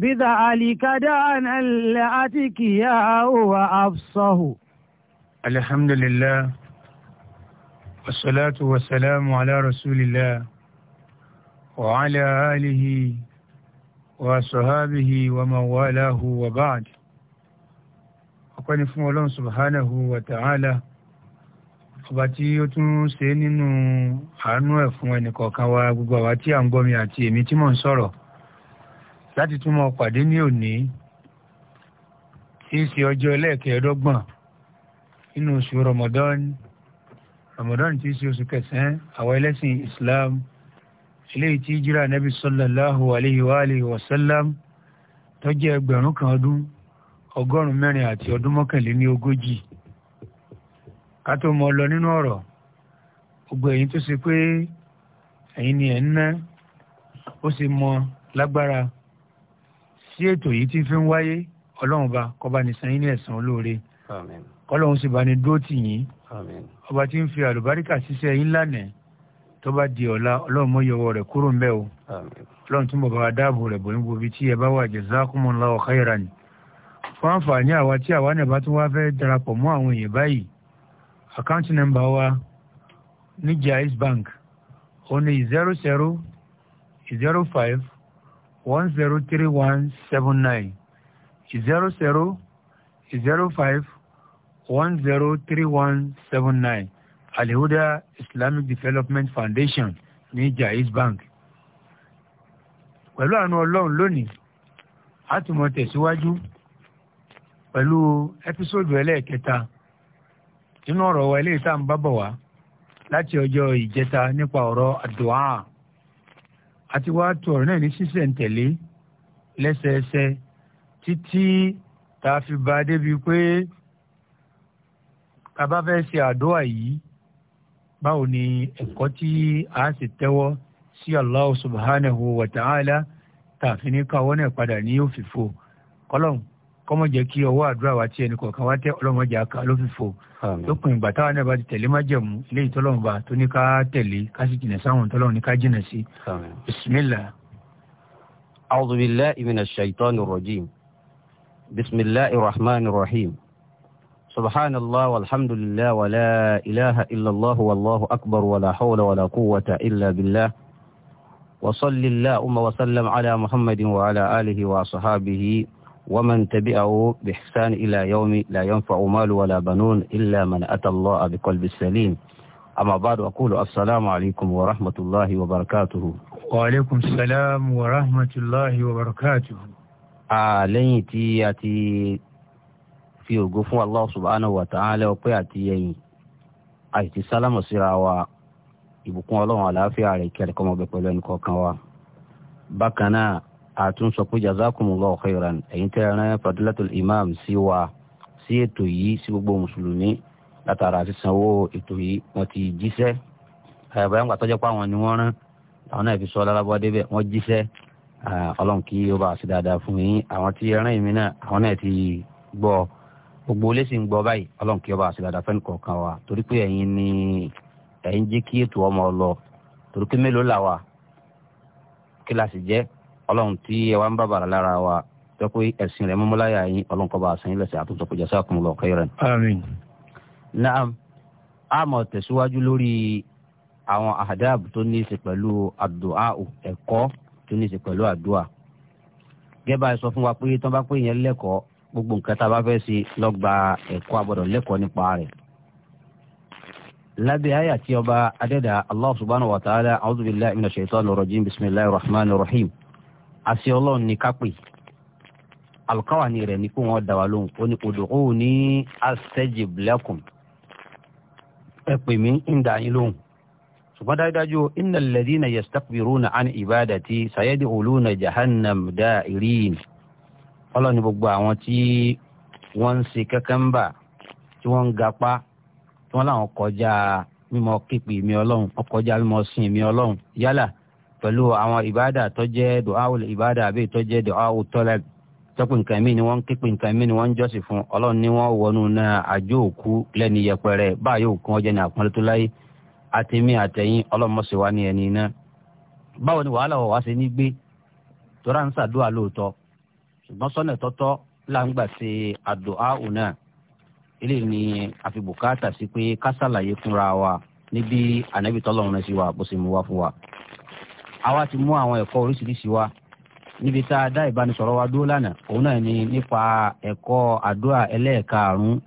بذلك دعنا لأتكياء وأفصه الحمد لله والصلاة والسلام على رسول الله وعلى آله وصحابه ومن والاه وبعد ọpẹ́ni fún ọlọ́run subhanahu wa ta'ala ọba tí ó tún ṣe nínú àánú ẹ̀ fún ẹnìkọ̀ọ̀kan wa gbogbo àwa tí à ń gbọ́ àti èmi tí mò ń sọ̀rọ̀ láti tún máa pàdé ní òní tí ṣe ọjọ́ ẹlẹ́ẹ̀kẹ́ẹ̀dọ́gbọ̀n nínú oṣù Ramadan Ramadan tí í ṣe oṣù kẹsàn-án àwọn ẹlẹ́sìn Islam eléyìí tí jíra nabi sallallahu alayhi wa alayhi wa sallam tó jẹ́ ẹgbẹ̀rún kan ọdún ọgọ́rùn-ún mẹ́rin àti ọdún mọ́kànléní ogójì ká tó mọ lọ nínú ọ̀rọ̀ gbogbo èyí tó ṣe pé ẹ̀yin ni ẹ̀ ń ná ó sì mọ lágbára tí ètò yìí ti fi ń wáyé ọlọ́run bá kó bá ní san yín ní ẹ̀san olóore kọ́lọ́run sì bá ní dúró tì yín ọba tí ń fi àlùbáríkà ṣiṣẹ́ yín lánàá tó bá di ọ̀la ọlọ́run mọ́ yọwọ́ rẹ̀ kúrò ńbẹ́ o ọlọ́run túnbọ̀ bá dáàbò rẹ̀ bọ̀ níbo ibi tí ẹ bá wà jazakumullahu khairan fún àǹfààní àwa tí àwa náà bá tún wá fẹ́ darapọ̀ mọ́ àwọn èèyàn báyìí àkáǹtì nọ́mbà wa ní Jaiz Bank ó ní zero zero zero five one zero three one seven nine zero zero zero five one zero three one seven nine Alihuda Islamic Development Foundation ní Jaiz Bank. pẹ̀lú àánú ọlọ́run lónìí a tún mọ tẹ̀síwájú pẹ̀lú ẹ́písòdù ẹlẹ́ẹ̀kẹta nínú ọ̀rọ̀ wa eléyìí tá à ń bá bọ̀ wá láti ọjọ́ ìjẹta nípa ọ̀rọ̀ àdúà àti wàá tu ọ̀rọ̀ náà ní sísẹ̀ǹtẹ̀lé lẹ́sẹẹsẹ títí tá a fi ba débi pé tá a bá fẹ́ ṣe àdúrà yìí báwo ni ẹ̀kọ́ tí a sì tẹ́wọ́ sí Allah subhanahu wa ta'ala tá a fi ní káwọ́ náà padà ní òfìfo kọ́lọ́n kọ́mọ jẹ́ kí ọwọ́ àdúrà wa tí ẹnì kọ̀ọ̀kan wá tẹ́ ọlọ́mọdé àká lófìfo lópin ìgbà táwọn náà bá ti tẹ̀lé májẹ̀mú léyìí tọ́lọ́run bá tó ní ká tẹ̀lé ká sì jìnà sáwọn tọ́lọ́run ní ká jìnà sí. bisimilá. a'udhu billahi minash shaitanir rajim bisimilahi rahmanir rahim subhanallah walhamdulillah wala ilaha illallah wallahu akbar wala hawla wala quwwata illa billah wa salli allahumma wa sallam ala muhammadin wa ومن تبعه بإحسان إلى يوم لا ينفع مال ولا بنون إلا من أتى الله بقلب سليم أما بعد أقول السلام عليكم ورحمة الله وبركاته وعليكم السلام ورحمة الله وبركاته àlẹ́yìn tí a ti fi ògo fún Allah subhanahu wa ta'ala ọpẹ́ àti ẹ̀yìn àìsí sálámù síra wa ìbùkún ọlọ́run àlàáfíà rẹ̀ kí ẹ̀rẹ̀kọ́ ọmọ ọbẹ̀ pẹ̀lú ẹnì kọ̀ọ̀kan wa bákan náà àtún sọ pé jazakumullahu khairan ẹ̀yin tẹ́ ẹran fadilatul imam siwa wa sí ètò yìí sí gbogbo mùsùlùmí látara sísanwó ètò yìí wọ́n ti jíṣẹ́ àyàbáyà ń gbà tọ́jọ́ pa àwọn ni wọ́n rán àwọn náà fi sọ lárabọ́ débẹ̀ wọ́n jíṣẹ́ ọlọ́run kí ó bá a ṣe dáadáa fún yín àwọn tí ẹran ìmí náà àwọn náà ti gbọ́ gbogbo olè sì ń gbọ́ báyìí ọlọ́run kí ó bá a ṣe wa torí pé ẹ̀yin ni ẹ̀yin jẹ́ kí ètò ọmọ torí pé mélòó là wà kí la ọlọ́run tí ẹ wá ń bá bàrà lára wa jẹ́ pé ẹ̀sìn rẹ̀ múmúláyà yín ọlọ́run kọ́ bá a sàn yín lẹ́sẹ̀ àtúntò kò jẹ́ sáà kún lọ khairan. àmín. naam a máa tẹ̀síwájú lórí àwọn àdáàbò tó ní í ṣe pẹ̀lú àdúà ẹ̀kọ́ tó ní í ṣe pẹ̀lú àdúà gẹ́gẹ́ bá a sọ fún wa pé tó bá pé yẹn lẹ́kọ̀ọ́ gbogbo nǹkan tá a bá fẹ́ ṣe lọ́gba ẹ̀kọ́ àbọ̀dọ̀ lẹ́kọ̀ọ́ nípa rẹ̀ lábẹ́ àyà tí ọba adẹ́dà allah subhanahu wa ta'ala àṣẹ ọlọ́run ní kápè alukawani rẹ̀ ní kó wọ́n dá wa lóhùn ó ní odòkó ní astajib lakum ẹ pè mí ń dá yín lóhùn ṣùgbọ́n dájúdájú innal ladhina yastakbiruna an ibadati sayadkhuluna jahannam da'irin ọlọ́run ní gbogbo àwọn tí wọ́n ń ṣe kẹ́kẹ́mbà tí wọ́n ń gapá tí wọ́n láwọn kọjá mímọ́ kíkpé mi ọlọ́run ọkọjá mímọ́ sìn mi ọlọ́run yálà pẹ̀lú àwọn ìbáàdà tó jẹ́ du'aul ìbáàdà àbí tó jẹ́ du'aul talab tọ́pù nǹkan mí ni wọ́n ń képe nǹkan mí ni wọ́n ń jọ́sìn fún ọlọ́run ni wọ́n wọnú náà àjò òkú lẹ́ni yẹpẹrẹ báyìí òkú ọjọ́ ní àpọ́nlé tó láyé àtẹ̀mí àtẹ̀yìn ọlọ́mọ̀sẹ̀ wá ní ẹni iná. báwo ni wàhálà wàá ṣe ní gbé tọ́ra ń ṣàdúrà lóòótọ́ ṣùgbọ́n sọ́nà tọ́tọ́ là ṣe àdúà náà ilé ni àfi bùkátà sí pé ká ṣàlàyé fúnra wa níbi ànábìtọ́lọ́run rẹ̀ sí wa bó ṣe mú wa fún wa àwa ti mú àwọn ẹ̀kọ́ oríṣiríṣi wa níbi tá a dá ìbánisọ̀rọ̀ wa dúró lánàá òun náà ni nípa ẹ̀kọ́ àdúrà ẹlẹ́ẹ̀karùn-ún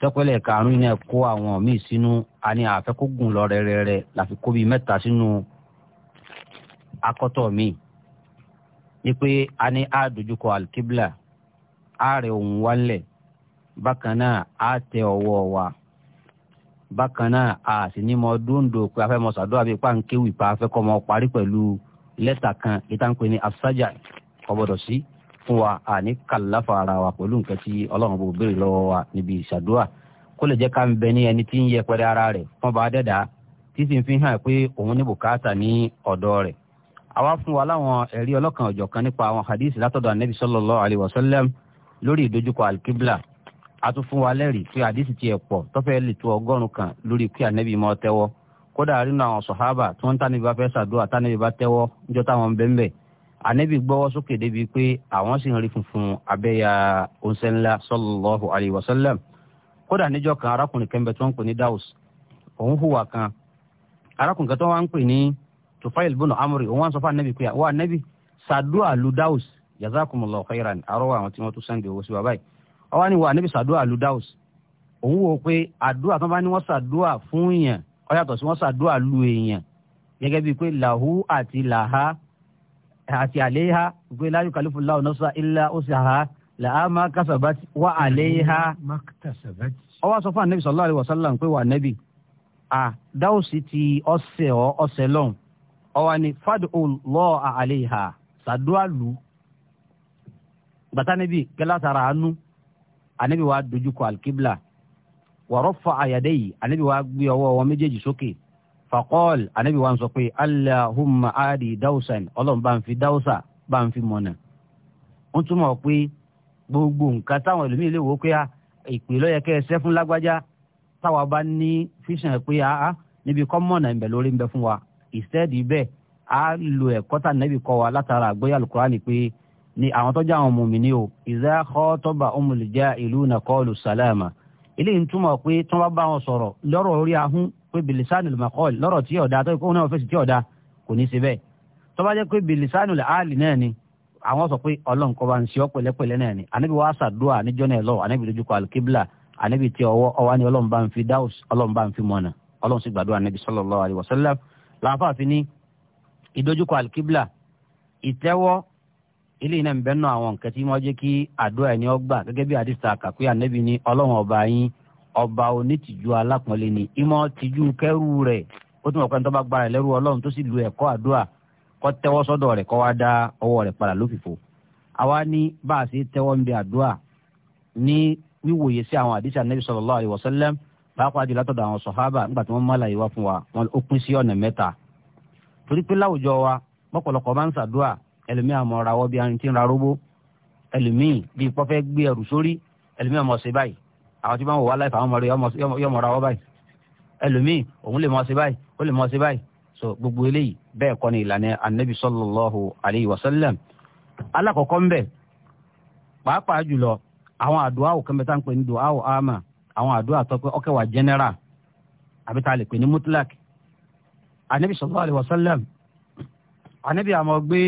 tọ́pẹ́lẹ̀ karùn-ún iná ẹ̀kọ́ àwọn míì sínú a ní àfẹ́kógùn lọ rẹ́rẹ́rẹ́ láfi kó bíi mẹ́ta sínú akọ́tọ̀ míì ni pé a ní a dojúkọ alikibla a rẹ̀ òun wálẹ̀ bákan náà a tẹ ọwọ́ wa bákan náà a sì ní mọ dóńdó pé afẹ́ mọ sàdúrà bíi pàǹkéwì pa afẹ́ kọ́ mọ parí pẹ̀lú lẹ́tà kan ìta ń pè ní asaja ọ̀bọ̀dọ̀ sí fún wa a ní kàláfà ara wa pẹ̀lú nǹkan tí ọlọ́run bò béèrè lọ́wọ́ wa níbi ìsàdúrà kó lè jẹ́ ká ń bẹ ní ẹni tí ń yẹpẹrẹ ara rẹ̀ fún bá dẹ́dà tí sì ń fi hàn pé òun ní bùkátà ní ọ̀dọ̀ rẹ̀ àwa fún wa láwọn ẹ̀rí ọlọ́kan ọ̀jọ̀kan nípa àwọn hadith látọ̀dọ̀ anabi sallallahu alayhi wa lórí ìdojúkọ alkibla a tún fún wa lẹ́rìí pé àdìsí tiẹ̀ pọ̀ tọ́fẹ́ lè tó ọgọ́rùn-ún kan lórí pé ànẹ́bí mọ́ tẹ́wọ́ kódà rínú àwọn sọ̀hábà tí wọ́n ń tánibà fẹ́ sàdúrà tánibà tẹ́wọ́ níjọ́ táwọn bẹ́ńbẹ́ ànẹ́bí gbọ́wọ́ sókè débi pé àwọn sì ń rí funfun abẹ́yà oúnṣẹ́ ńlá sallallahu alayhi wa sallam kódà níjọ́ kan arákùnrin kẹ́ńbẹ́ tí ń pè ní daus òun hùwà kan arákùnrin kan tí wọ́n ń pè ní tufail bùnú amúri òun wá ń sọ fún ànẹ́bí pé wà ànẹ́bí sàdúrà ọwọ́ ni wà níbi sàdúà ludaus òun wò pé àdúà tó bá ní wọ́n sàdúà fún èèyàn ó yàtọ̀ sí wọ́n sàdúà lu èèyàn gẹ́gẹ́ bíi pé làhú àti làhá àti àléhá pé láyé kàlífù láwù náà sá ilá ó sì ha làá má wá àléhá. ọwọ́ sọ fún ànẹ́bí sallallahu alaihi wasallam pé wà nẹ́bí à dáùsì ti ọ̀sẹ̀ ọ̀ ọ̀sẹ̀ lọ́hùn ọwọ́ ni fad'u Allah àléhá sàdúà lu gbàtánẹ́bí kẹlá tara àánú anabi wa dojúkọ alikibla wa rafa'a yadayhi anabi wa gbé ọwọ́ wọn méjèèjì sókè faqal anabi wa ń sọ pé allahumma adi dawsan ọlọ́run bá ń fi dawsa bá ń fi mọ̀nà ó túmọ̀ pé gbogbo nǹkan táwọn ẹlòmíì lè wò ó pé ah, ìpè lọ́yẹ kẹ́ ẹ ṣẹ́ fún lágbájá táwa bá ní fíṣàn pé àá ah, ah, níbi kọ́mọ̀nà ìbẹ̀ lórí ń bẹ fún wa ìṣẹ́ẹ̀dì bẹ́ẹ̀ á lo ẹ̀kọ́ tà nẹ́bì kọ́ wa látara àgbéyà al pé ni àwọn tọ́jú àwọn mùmíní o ìzá kọ́ tọ́ba ọmọlùjá ìlú nà kọ́ọ̀lù sàlámà eléyìí ń túmọ̀ pé tí wọ́n bá wọn sọ̀rọ̀ lọ́rọ̀ orí ahun pé bilisani lumakọ́ọ̀l lọ́rọ̀ tí ọ̀dà tó ìkóhùn náà fèsì tí ọ̀dà kò ní ṣe bẹ́ẹ̀ tó bá jẹ́ pé bilisani làálì náà ni àwọn sọ pé ọlọ́run kọ́ bá ń ṣe ọ́ pẹ̀lẹ́pẹ̀lẹ́ náà ni ànábi wàá sàdúrà níjọ́ náà lọ ànábi dojúkọ alikibla ànábi tí ọwọ́ ọwá ni ọlọ́run ń fi dáus eléyìí náà ń bẹ́ẹ̀ náà àwọn nǹkan tí wọ́n jẹ́ kí àdúrà ẹni ọgbà gẹ́gẹ́ bí àdìsá kàkúyà ànábì ní ọlọ́run ọba yín ọba onítìjú alápọ̀nlé ni ìmọ̀ tìjú kẹ́rù rẹ̀ ó tún otu ní bá gbára lẹ́rù ọlọ́run tó lu ẹ̀kọ́ àdúrà kó tẹ́wọ́ sọ́dọ̀ rẹ̀ kó wá dá ọwọ́ rẹ̀ padà lófìfo àwa ní bá a ṣe tẹ́wọ́ ń bi àdúrà ní wíwòye sí àwọn àdìsá ànábì sallallahu alaihi wasallam pàápàá jùlọ látọ̀dọ̀ àwọn sọ̀hábà nígbà tí ẹlòmí àmọ́ ra wọ́ bí arin tí ń ra róbó ẹlòmí bí pọ́fẹ́ gbé ẹrù sórí ẹlòmí àmọ́ ṣe báyìí àwọn tí wọ́n wà láìpẹ́ àwọn ọmọ rẹ̀ yọmọ ra wọ́ báyìí ẹlòmí òun lè mọ̀ ṣe báyìí ó lè mọ̀ ṣe báyìí so gbogbo eléyìí bẹ́ẹ̀ kọ́ ni ìlànà anabi sallallahu alayhi wa sallam alákọ̀ọ́kọ́ ńbẹ pàápàá jùlọ àwọn àdúrà òkèmẹ́ta ń pè ní dùn áwò àwọn àdúrà tó pé ọkẹ́wà general àbí tá lè pè ní mutlak anabi sallallahu alayhi wa sallam anabi àmọ́ gbé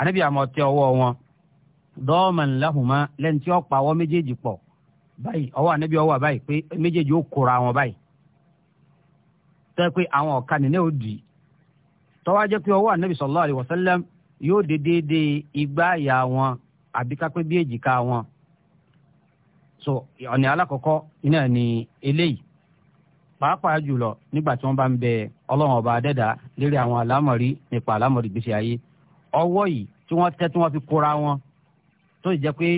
ànábì àmọ́ tẹ ọwọ́ wọn dọ́ọ̀mọ̀n láhùnmá lẹ́ni tí wọ́n pa ọwọ́ méjèèjì pọ̀ báyìí ọwọ́ ànábì ọwọ́ báyìí pé méjèèjì ó kóra wọn báyìí tẹ́ pé àwọn ọ̀ka nínú ò dì tọ́wọ́ jẹ́ pé ọwọ́ ànábì sallallahu alaihi wasallam yóò dé déédéé igbá àyà wọn àbí bí èjìká wọn so ọ̀nà alákọ̀ọ́kọ́ iná ni eléyìí pàápàá jùlọ nígbà tí wọ́n bá ń bẹ ọlọ́run ọba adẹ́dà lérí àwọn àlámọ̀rí nípa àlámọ̀rí gbèsè ayé ọwọ́ yìí tí wọ́n tẹ́ tí wọ́n fi kóra wọn tó sì jẹ́ pé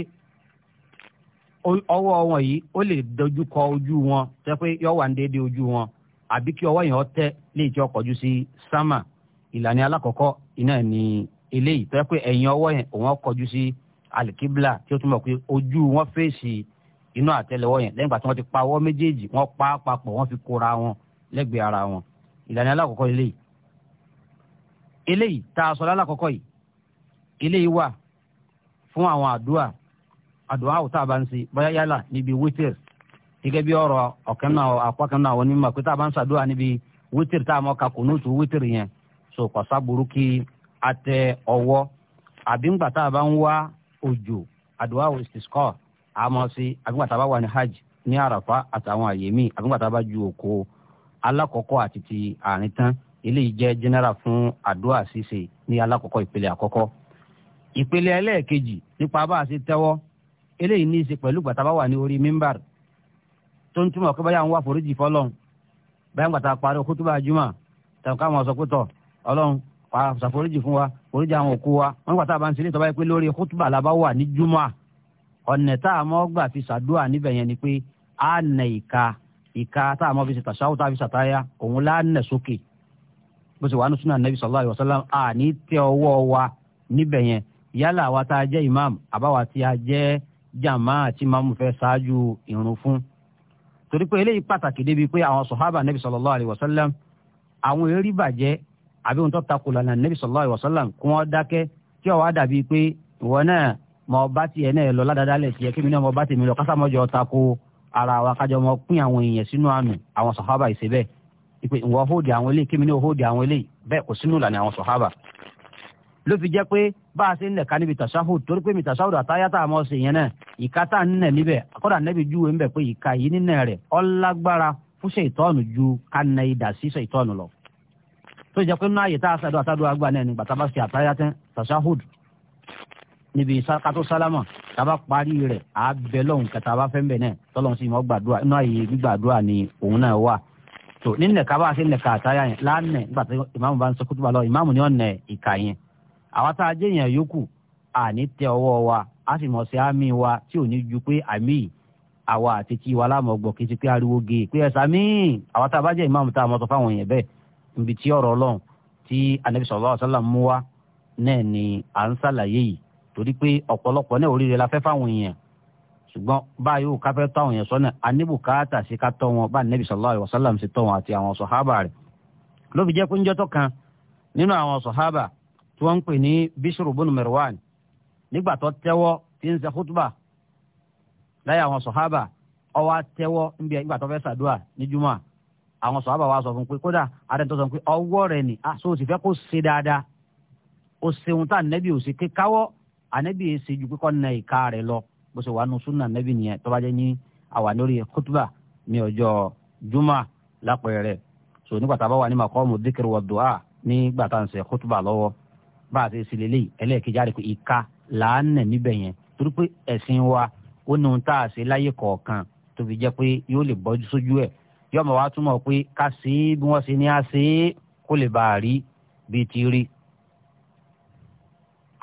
ọwọ́ wọn yìí ó lè dojú kọ ojú wọn tẹ́ pé yọ wà ní déédéé ojú wọn àbí kí ọwọ́ yẹn tẹ́ lè jọ kọjú sí sámà ìlànà alákọ̀ọ́kọ́ iná ní eléyìí tẹ́ pé ẹ̀yìn ọwọ́ yẹn òun kọjú sí alikibla tí ó túmọ̀ pé ojú wọn fèsì inú àtẹ́lẹwọ́ yẹn lẹ́yìn ìgbà tí wọ́n ti pa ọwọ́ méjèèjì wọ́n pa á papọ̀ wọ́n fi kóra wọn lẹ́gbẹ̀ẹ́ ara wọn ìlànà alákọ̀ọ́kọ́ eléyìí eléyìí tá a sọ lálàkọ́kọ́ yìí eléyìí wà fún àwọn àdúrà àdúrà àwòtá bá ń ṣe bóyá yálà níbi wítìr gẹ́gẹ́ bí ọ̀rọ̀ ọ̀kan náà apá onímọ̀ pé tá a bá ń ṣàdúrà níbi wítìr tá a mọ̀ ká kùnúùtù wítìr yẹn so kọ̀sá burúkú àtẹ ọwọ́ tá a bá ń wá òjò àdúrà hajj ní àràfá àtàwọn àyèmí ju alákọ̀ọ́kọ́ àti ti àárín tán eléyìí jẹ́ general fún adua ṣíṣe ní alákọ̀ọ́kọ́ ìpele àkọ́kọ́ ìpele ẹlẹ́ẹ̀kejì nípa bá a ṣe tẹ́wọ́ eléyìí ní í ṣe pẹ̀lú gbàtà bá wà ní orí mímbàr tó ń túmọ̀ pé báyà ń wá foríjì fọlọ́n báyà ń gbàtà parí kútúbà jùmọ̀ tàbí káwọn sọ pé tọ̀ ọlọ́run pa ṣàforíjì fún wa foríjì àwọn òkú wa wọ́n gbàtà bá ń ṣe nítorí pé lórí kútúbà la bá wà ní jùmọ̀ ọ̀nà tá a mọ́ gbà fi ṣàdúrà níbẹ̀ yẹn ni pé a nà ìka ìka tá a mọ́ fi ṣe tàṣáwó tá a fi ṣàtáyà òun lá nà sókè bó ṣe wà ní sunan nabi sallallahu alayhi wa sallam a ní tẹ ọwọ́ wa níbẹ̀ yẹn yálà wa tá a jẹ́ imam àbáwa tí a jẹ́ jàmá tí imam fẹ́ ṣáájú irun fún torí pé eléyìí pàtàkì débi pé àwọn sọ̀hábà nabi sallallahu alayhi wa sallam àwọn eré bàjẹ́ àbí ohun tó takò lànà nabi sallallahu alayhi wa sallam kí wọ́n dákẹ́ tí ó wá dàbí pé ìwọ náà mọ ọba tiẹ̀ náà lọ ládàá dálẹ̀ tiẹ̀ kí náà mọ ọba tèmi lọ kásámọ́jọ́ takò ara wa kájọ mọ pín àwọn èèyàn sínú àánú àwọn sọ̀hábà ìṣe ìpè ìwọ hóòdì àwọn eléyìí kémi ní hóòdì àwọn eléyìí bẹ́ẹ̀ kò sínú ìlànà àwọn sọ̀hábà ló fi jẹ́ pé bá a ṣe ń lẹ̀ka níbi tàṣáhù torí pé mi tàṣáhù àtayá tá a mọ̀ ṣe yẹn náà ìka tá ọlágbára ìtọ́nù ju na idà ìtọ́nù lọ. tó jẹ́ pé nínú ààyè tá a ṣàdó àtàdó àgbà náà nígbà tá bá ṣe so nínú ẹ̀ka bá a ṣe nẹ̀ka àtàyà yẹn lánàá nígbà tí ìmáàmù bá ń sọ kútùbà lọ ìmáàmù ni ó nẹ̀ ìka yẹn àwọn tá a jẹ́ èèyàn yòókù àní tẹ ọwọ́ wa a sì mọ̀ sí àmì wa tí ò ní ju pé àmì àwa àti tí wa láàmú ọgbọ̀n kì í ti pé ariwo ge pé ẹ̀sà míì àwọn tá a bá jẹ́ ìmáàmù tá a mọ̀ sọ fáwọn èèyàn bẹ́ẹ̀ níbi tí ọ̀rọ̀ ọlọ́run tí anabi sallallahu alaihi wasallam mú wa náà ni ṣùgbọ́n báyìí ò káfẹ́ tọ́ àwọn yẹn sọ́nà aníbùkátà sí ká tọ́ wọn bá nẹ́bí sallallahu alaihi wasallam sí tọ́ wọn àti àwọn sọ̀hábà rẹ̀ ló fi jẹ́ pé ń jọ́tọ̀ kan nínú àwọn sọ̀hábà tí wọ́n ń pè ní Bishru bun Mirwan nígbà tó tẹ́wọ́ tí ń ṣe khutba láyé àwọn sọ̀hábà ó wá tẹ́wọ́ níbi ìgbà tó fẹ́ sàdúà ní júmọ́ àwọn sọ̀hábà wa sọ fún pé kódà adé tó sọ bó ṣe wà nù súnà nẹ́bì nìyẹn tó bá jẹ́ ní àwà lórí kútùbà ní ọjọ́ jumà lápẹẹrẹ so nígbà tá a bá wà ní maqamu dhikr wa du'a nígbà tá à ń ṣe kútùbà lọ́wọ́ bá a ṣe ṣe lélẹ́yìí ẹlẹ́ẹ̀kejì àríkò ìka làánà níbẹ̀ yẹn torí pé ẹ̀sìn wa ó ní ohun tá a ṣe láyé kọ̀ọ̀kan tó fi jẹ́ pé yóò lè bọ́jú sójú ẹ̀ yọmọ wa túmọ̀ pé ká sí bí wọ́n ṣe ní á ṣe é kó lè bàa rí bíi ti rí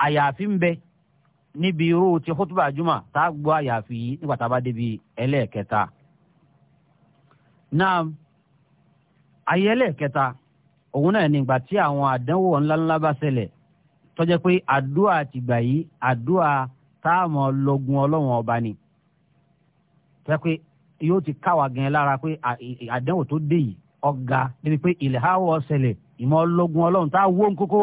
àyàfi ń bẹ níbi irú ti khutba juma tá a gbọ́ àyàfi yìí nígbà tá a bá débi ẹlẹ́ẹ̀kẹta. náà ayé ẹlẹ́ẹ̀kẹta òun náà nígbà tí àwọn àdánwò ńláńlá bá ṣẹlẹ̀ tó jẹ́ pé àdúrà tìgbà yìí àdúrà táàmù lọ́gun ọlọ́run ọba ni tó jẹ́ pé yóò ti káwa gan lára pé àdánwò tó dé yìí ọ̀gá débi pé ìlẹ̀háwọ̀ ṣẹlẹ̀ ìmọ̀ ọlọ́gun ọlọ́run tá a wó ń kókó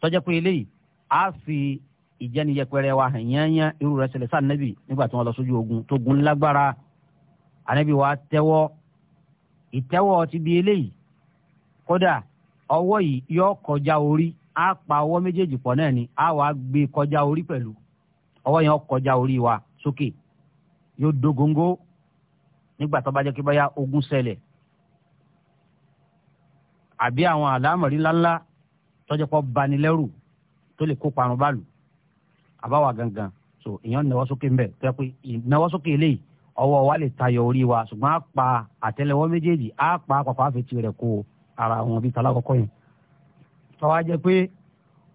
tó pé eléyìí a fi ìjẹniyẹpẹrẹ wa hàn yányán irú rẹ̀ ṣẹlẹ̀ sáà nẹ́bì nígbà tí wọ́n lọ sójú ogun tó gun lágbára ànẹ́bì wa tẹ́wọ́ ìtẹ́wọ́ ti bi eléyìí kódà ọwọ́ yìí yọ kọjá orí á pa ọwọ́ méjèèjì pọ̀ náà ni á wàá gbé kọjá orí pẹ̀lú ọwọ́ yẹn kọjá orí wa sókè yóò dógóńgó nígbà tó bá jẹ́ kí bá yá ogun ṣẹlẹ̀ àbí àwọn àlámọ̀rí ńláńlá tọ́jọ́ pọ̀ tó lè kó parun báàlù àbáwá gangan so èèyàn náwó sókè mbẹ tó yẹ pé ìnáwó sókè eléyìí ọwọ́ wa lè tayọ orí wa ṣùgbọ́n a pa àtẹlẹwọ́ méjèèjì a pa àpapọ̀ àfẹ́tì rẹ̀ kó ara wọn bíi talákọ̀kọ́ yẹn tọ́wọ́ jẹ́ pé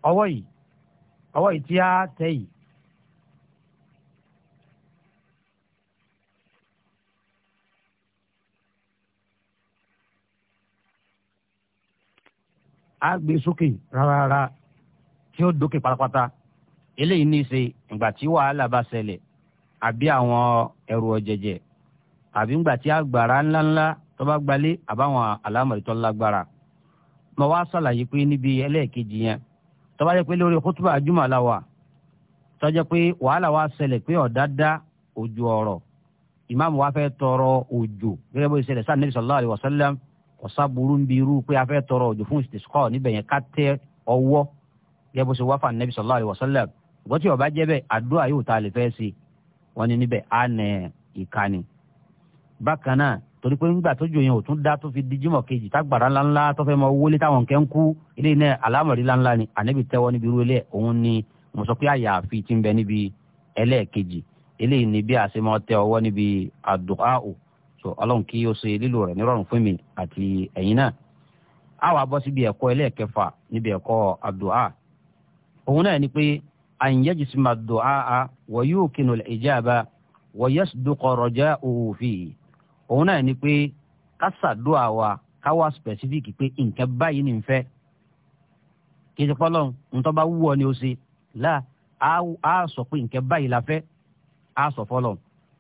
ọwọ́ yìí ọwọ́ yìí tí a tẹ̀ yìí a rárára tí ó dókè pátápátá eléyìí ní í ṣe ìgbà tí wàhálà bá ṣẹlẹ̀ àbí àwọn ẹrù ọ̀jẹ̀jẹ̀ àbí ìgbà tí àgbàrá ńláńlá tó bá gbalé àbáwọn alámọ̀rìtọ́ lágbára mo wá ṣàlàyé pé níbi ẹlẹ́ẹ̀kejì yẹn tó bá jẹ́ pé lórí kútùbà àjùmọ̀ làwà tó jẹ́ pé wàhálà wá ṣẹlẹ̀ pé ọ̀dá dá òjò ọ̀rọ̀ ìmáàmù wa fẹ́ tọrọ òjò gẹ́gẹ́ bó ṣẹlẹ̀ sáà níbi sallallahu alaihi wasallam kò sábúrú ń bi irú pé a fẹ́ tọrọ òjò fún ìsìtìsíkọ́ níbẹ̀ yẹn ká tẹ ọwọ́ gẹ́gẹ́ sọ wáfà nẹ́bí sallallahu alaihi wasallam ìgbọ́ tí ọba jẹ́ bẹ́ẹ̀ àdúrà yóò ta lè fẹ́ sí wọn ni níbẹ̀ á nẹ ìkànnì. bákan náà torí pé ńgbà tó jòyìn òtún dá tó fi di jímọ̀ kejì tágbàrá ńláńlá tó fẹ́ mọ wọlé táwọn kẹ́ ń kú ilé náà alámọ̀rí ńláńlá ni ànẹ́bí tẹ́wọ́ níbi irú ilé òun ni mo sọ pé àyàfi ti ń bẹ níbi ẹlẹ́ẹ̀kejì eléyìí ni bí a ṣe máa tẹ ọwọ́ níbi àdúà ò so ọlọ́run kí ó ṣe lílo rẹ̀ nírọ̀rùn fún mi àti ẹ̀yin náà. a wá síbi ẹ̀kọ́ ẹlẹ́ẹ̀kẹfà níbi ẹ̀kọ́ àdúà òun náà ni pé àyìnyẹ́jì sí máa dùn áá wọ́n yóò kinu ìjáàbá wọ́n yẹ́ dùkọ̀rọ̀ já òfin òun náà ni pé kásàdúà wa káwa specific pé nǹkan báyìí ni n fẹ́ kí ti pọ́lọ́ ntọ́ba wúwo ni ó ṣe là á sọ pé nǹkan báyìí la fẹ́ á sọ fọ́lọ́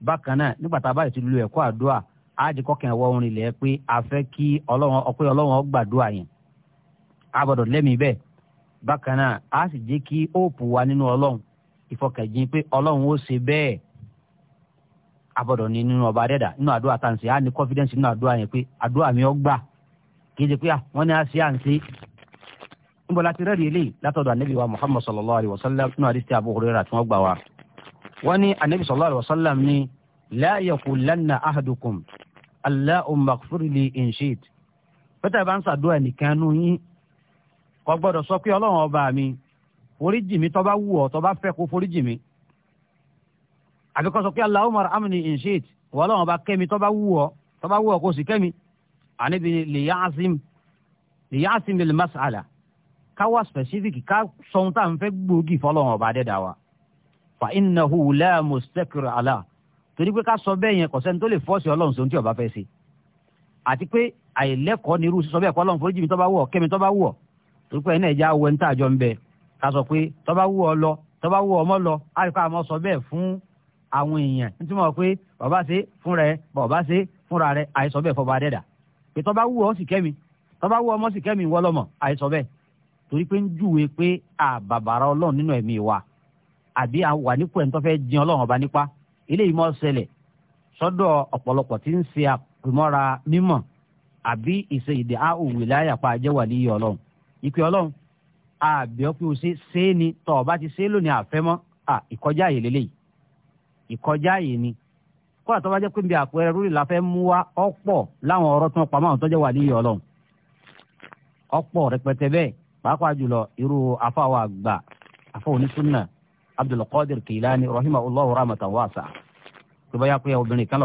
bákan náà nígbà tá a báyìí ti lu ẹ̀kọ́ àdúà á di kọ́kàn ẹ̀wọ́ orin lẹ̀ pé a fẹ́ kí ọlọ́run ọpẹ́ ọlọ́run gbàdúà yẹn á gbọ́dọ̀ lẹ́mìí bẹ́ẹ̀ bákan náà á sì jẹ́ kí òòpù wa nínú ọlọ́run ìfọkànjìn pé ọlọ́run ó ṣe bẹ́ẹ̀ abọ́dọ̀ ni nínú ọba adẹ́dà nínú àdúrà tá à ń ṣe á ní confidence nínú àdúrà yẹn pé àdúrà mi ó gbà kì í ṣe pé wọ́n ní á ṣe à ń ṣe níbo la ti rẹ́rìí eléyìí látọ̀dọ̀ ànábì wa muhammad sallallahu alayhi wa sallam nínú àdìsí abu hurairah tí wọ́n gbà wá. wọ́n ní ànábì sallallahu alayhi wa sallam ní kò gbọ́dọ̀ sọ pé ọlọ́run ọba mi foríjì mi tó bá wù ọ́ tó bá fẹ́ kó foríjì mi àbí kó sọ pé Allahumma amni in shi'ta wọ́n ọlọ́run ọba kẹ́mi tó bá wù ọ́ tó bá wù ọ́ kó sì kẹ́mi àníbi lèyàásìm lèyàásìm lè mas'ala ká wá specific ká sọ ohun tá à ń fẹ́ gbòógì fọlọ́run ọba dẹ́dà wa fa innahu la mustakir ala torí pé ká sọ bẹ́ẹ̀ yẹn kò tó lè fọ́ọ̀sì ọlọ́run sóhun tí ọba fẹ́ ṣe àti pé àìlẹ́kọ̀ọ́ ni sísọ bẹ́ẹ̀ kọ́ ọlọ́run foríjì mi tó bá wù ọ́ kẹ́mi tó bá wù ọ́ torípé ẹ̀ náà já wọ ní tàjọ ń bẹ ká sọ pé tọ́ba wú ọ lọ tọ́ba wú ọmọ lọ á rí i pé àmọ́ sọ bẹ́ẹ̀ fún àwọn èèyàn nítorí mọ̀ pé bàbá ṣe fúnra ẹ bàbá ṣe fúnra rẹ àìsọ bẹ́ẹ̀ fọba dẹ́dà pé tọ́ba wú ọ sì kẹ́mi tọ́ba wú ọmọ sì kẹ́mi wọ́ lọ́mọ àìsọ bẹ́ẹ̀ torí pé ń júwe pé àbàbàrà ọlọ́run nínú ẹ̀mí wa àbí àwà nípò ẹ̀ ń tọ́fẹ́ jin ọlọ́run ọba nípa eléyìí mọ́ ṣẹlẹ̀ sọ́dọ̀ ọ̀pọ̀lọpọ̀ tí ń ṣe àpèmọ́ra mímọ̀ àbí ìṣe ìdè áhùn wìláyà pa àjẹwà ọlọ́run ìpè ọlọ́run àbẹ̀ ọ́ pé o ṣe é ni tọ́ ọ bá ti ṣe é lónìí àfẹ́mọ́ à ìkọjá àyè lélẹ́yìí ìkọjá àyè ni kọ́lá tó bá jẹ́ pé bí àpẹẹrẹ rúrì la fẹ́ mú wa ọ̀pọ̀ láwọn ọ̀rọ̀ tó ń pamọ́ àwọn tọ́jú wà ní ìyọ̀ ọlọ́run ọ̀pọ̀ rẹpẹtẹ bẹ́ẹ̀ pàápàá jùlọ irú afáwa àgbà afáwọn onísúnà abdulkadir kìláni rahimahullahu rahmatan wasa tó bá yà pé obìnrin kan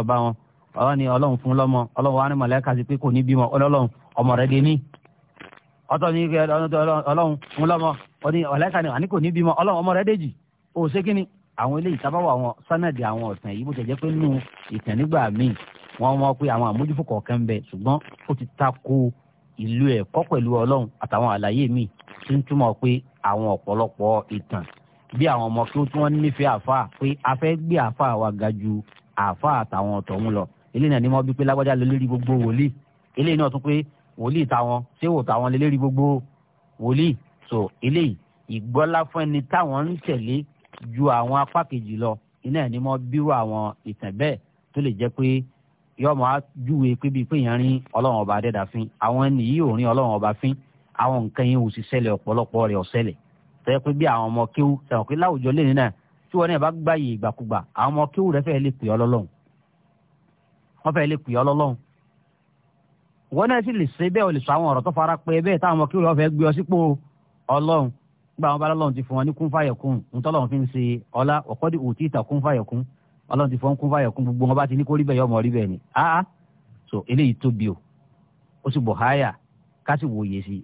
lọ ni ọ̀tọ̀ ní ọlọ́run òun lọ́mọ ọdún ọ̀lẹ́ka ni àníkò ní bímọ ọlọ́run ọmọ rẹ̀ dèjì ó ṣe kí ni àwọn eléyìí sábàwọ̀ àwọn sánàdì àwọn ọ̀sán yìí bó ṣe jẹ́ pé nínú ìtàn nígbà míì wọ́n mọ̀ pé àwọn àmójúfò kọ̀ọ̀kan ń bẹ ṣùgbọ́n ó ti tako ìlú ẹ̀kọ́ pẹ̀lú ọlọ́run àtàwọn àlàyé míì tí ń túmọ̀ pé àwọn ọ̀pọ̀lọpọ̀ ìtàn bí àwọn ọmọ kí wọ́n nífẹ̀ẹ́ àáfàá pé a fẹ́ gbé àáfàá wa ga ju àáfàá àtàwọn ọ̀tọ̀ ń lọ eléyìí náà ni wọ́n bí pé lágbájá lórí gbogbo wòlíì eléyìí náà tún pé wòlíì táwọn ṣé wò táwọn lè lérí gbogbo wòlíì so eléyìí ìgbọ́lá fún ẹni táwọn ń tẹ̀lé ju àwọn apá kejì lọ iná ẹ̀ ní mọ́ bírò àwọn ìtàn bẹ́ẹ̀ tó lè jẹ́ pé yọ máa júwe pé bíi pé yẹn rin ọlọ́run ọba adẹ́dà fín àwọn ẹni yìí ò rin ọlọ́run ọba fín àwọn nǹkan yẹn ò sì ṣẹlẹ̀ ọ̀pọ̀lọpọ̀ rẹ̀ ọ̀ṣẹlẹ̀ tó yẹ pé bí àwọn ọmọ kéwú sẹ̀wọ̀n pé láwùjọ lè nínà tí wọn náà bá gbààyè ìgbàkúgbà àwọn ọmọ kéwú rẹ̀ fẹ́ẹ́ lè pè ọ́ lọ́lọ́run wọ́n fẹ́ẹ́ lè pè ọ́ lọ́lọ́run wọn náà sì lè ṣe bẹ́ẹ̀ o àwọn ọ̀rọ̀ tó fara pẹ́ bẹ́ẹ̀ táwọn ọmọkiri wọn fẹ́ gbé ọ sípò ọlọ́run nígbà wọn bá lọ́lọ́run ti fún wọn ní kún fàyẹ̀kún ntọ́lọ́run fi ń ṣe ọlá ọ̀kọ́dì òtí ìta kún fàyẹ̀kún ọlọ́run ti fún kún fàyẹ̀kún gbogbo wọn bá ti ní kó rí bẹ́ẹ̀ yọmọ rí bẹ́ẹ̀ ni áá so eléyìí tóbi o ó sì bọ̀ háyà ká sì wòye sí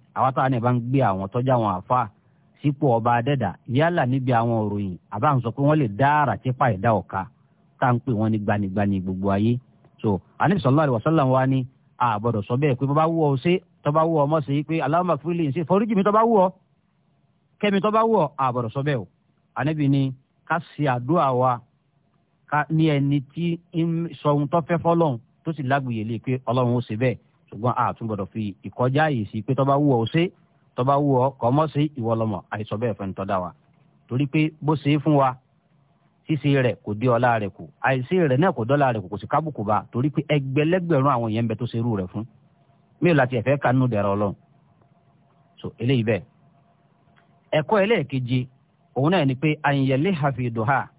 i ní so anabi sallallahu àbọ̀dọ̀ sọ bẹ́ẹ̀ pé bó bá wù ọ́ ṣe tó bá wù ọ́ mọ̀ sí pé Allahumma fúlì ń ṣe foríjì mi tó bá wù ọ́ kẹ́mi tó bá wù ọ́ àbọ̀dọ̀ sọ bẹ́ẹ̀ o ànábì ni ká ṣe àdúrà wa ká ní ẹni tí ń sọ ohun tó fẹ́ fọ́lọ́hún tó sì lágbèyè lé pé ọlọ́run ó ṣe bẹ́ẹ̀ ṣùgbọ́n a tún gbọ́dọ̀ fi ìkọjá àyè sí pé tó bá wù ọ́ ṣe tó bá wù ọ́ kọ́ mọ́ sí ìwọlọ́mọ àìsọ bẹ́ẹ̀ fẹ́ni tó dá wa torí pé bó ṣe é fún wa sisi rẹ kò dé ọlá rẹ kù àìsí rẹ̀ náà kò dọ́là rẹ̀ kù kò sì kábùkù bá torí pé ẹgbẹ̀lẹ́gbẹ̀rún àwọn yẹn ń bẹ tó ṣerú fún ò láti kanú so eléyìí bẹ́ẹ̀ ẹ̀kọ́ ẹlẹ́ẹ̀keje òun náà ni pé àyìnyẹ̀lé hafi duha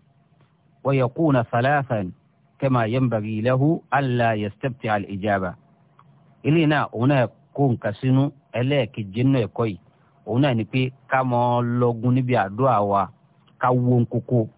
wọ̀yẹ̀kùnà salasan kama yambagi lahu alla yastẹ́pẹ̀tì eléyìí náà òun náà kó nǹkan sínú yìí òun náà ni pé níbi àdúrà wa ká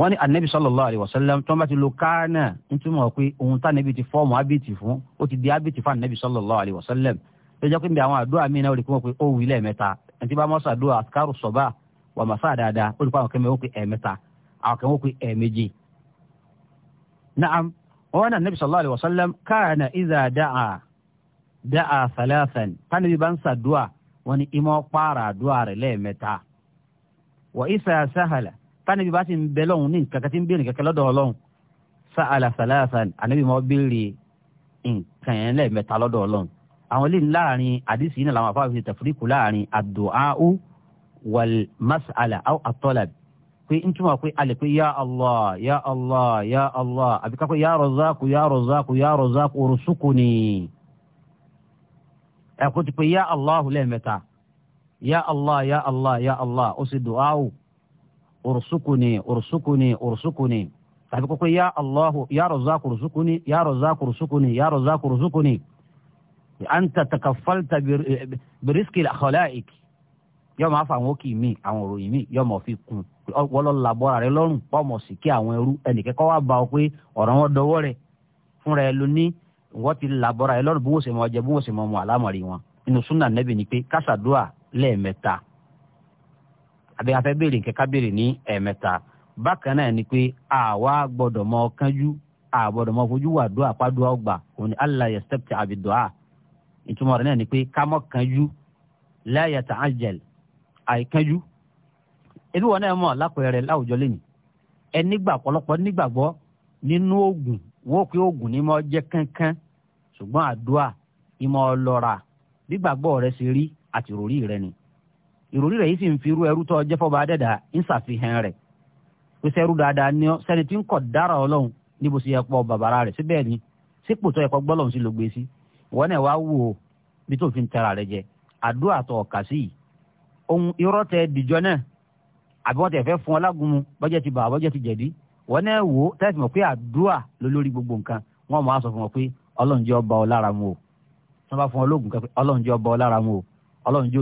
wọ́n ní anabi sallallahu alayhi wa sallam tí wọ́n bá ti lo káánà nítumọ̀ pé ohun tá anabi ti fọ́ọ̀mù abiti fún ó ti di abiti fún anabi sallallahu alayhi wa sallam tó jẹ́ pé níbi àwọn àdúrà míì náà ó lè kí wọ́n pé ó wù ilé ẹ̀mẹ́ta ẹni tí bá mọ́ sàdúrà àtikárù sọ̀bà wà màsà dáadáa ó lè kó àwọn kẹ́mi ó pé ẹ̀mẹ́ta àwọn kẹ́mi ó pé ẹ̀mẹ́jì. naam wọ́n ní anabi sallallahu fanabi bá sì ń bẹ lọ́hùn ní nǹkan kan tí ń béèrè kẹ̀kẹ́ lọ́dọ̀ ọlọ́hùn sa àlàsàlàsàn ànábì máa béèrè nǹkan yẹn lẹ́ẹ̀mẹ́ta lọ́dọ̀ ọlọ́hùn àwọn eléyìí láàrin àdìsí yìí náà làwọn afáwọn fi tafriqu láàrin àdùáhù wal mas'ala aw at-talab pé ń túmọ̀ pé alẹ́ pé ya Allah ya Allah ya Allah àbí ká pé ya Razzaq ya Razzaq ya Razzaq ya Allah ya Allah ya Allah ya Allah ó ursukuni ursukuni ursukuni tàbí kókó ya allahu ya razaq ursukuni ya razaq ursukuni ya razaq ursukuni anta takafalta biriski al-khalaiq yóò máa fa àwọn òkè mi àwọn òròyìn mi yóò máa fi kun wọlọ labọra rẹ lọ́rùn pọmọ sí kí àwọn ẹrú ẹnìkẹkọ wa bá ọ pé ọ̀rọ̀ wọn dọ́wọ́ rẹ̀ fúnra ẹ lóní wọn ti labọra rẹ lọ́rùn bí wọn sì mọ ọjẹ bí wọn sì mọ ọmọ alámọrin wọn inú súnà nẹbì ni pé kásàdúà lẹ́ẹ̀mẹ́ta àbí afẹ́ béèrè nǹkan béèrè ní ẹ̀ẹ̀mẹ́ta bákan náà ni pé àwa gbọ́dọ̀ mọ kánjú àgbọ́dọ̀ mọ fojú wà dùn àpádùn ọgbà òní allah yastapti abidua ìtumọ̀ rẹ̀ náà ni pé ká mọ́ kánjú la yata'ajjal àìkánjú ebi wọn náà mọ̀ lápẹ̀rẹ̀ láwùjọ lẹ́yìn ẹ nígbà pọ̀lọpọ̀ nígbàgbọ́ nínú oògùn wọ́n pe oògùn ní mọ́ jẹ́ kánkán ṣùgbọ́n àdúà ìmọ̀ ọlọ́ra gbígbàgbọ́ rẹ̀ ṣe rí àtìròrí rẹ̀ ni ìròrí rẹ̀ yìí sì ń fi irú ẹrú tó jẹ́ fọba adẹ́dà ń ṣàfihàn rẹ̀ pèsè ẹrú dáadáa ní ọ tí ń kọ̀ dára ọlọ́run níbo sì yẹ pọ̀ bàbára rẹ̀ síbẹ̀ ni sípò tó yẹ kọ́ gbọ́lọ́run sí ló gbé sí wọ́n náà wá wò ó bí tó fi ń tẹ́ra rẹ̀ jẹ àdúrà tó ọ̀kà sí yìí ohun irọ́ tẹ dìjọ́ náà àbí wọ́n tẹ̀ fẹ́ fún ọlágùnmu bọ́jẹ́ ti bà bọ́jẹ́ ti jẹ̀dí wọ́n náà wò ó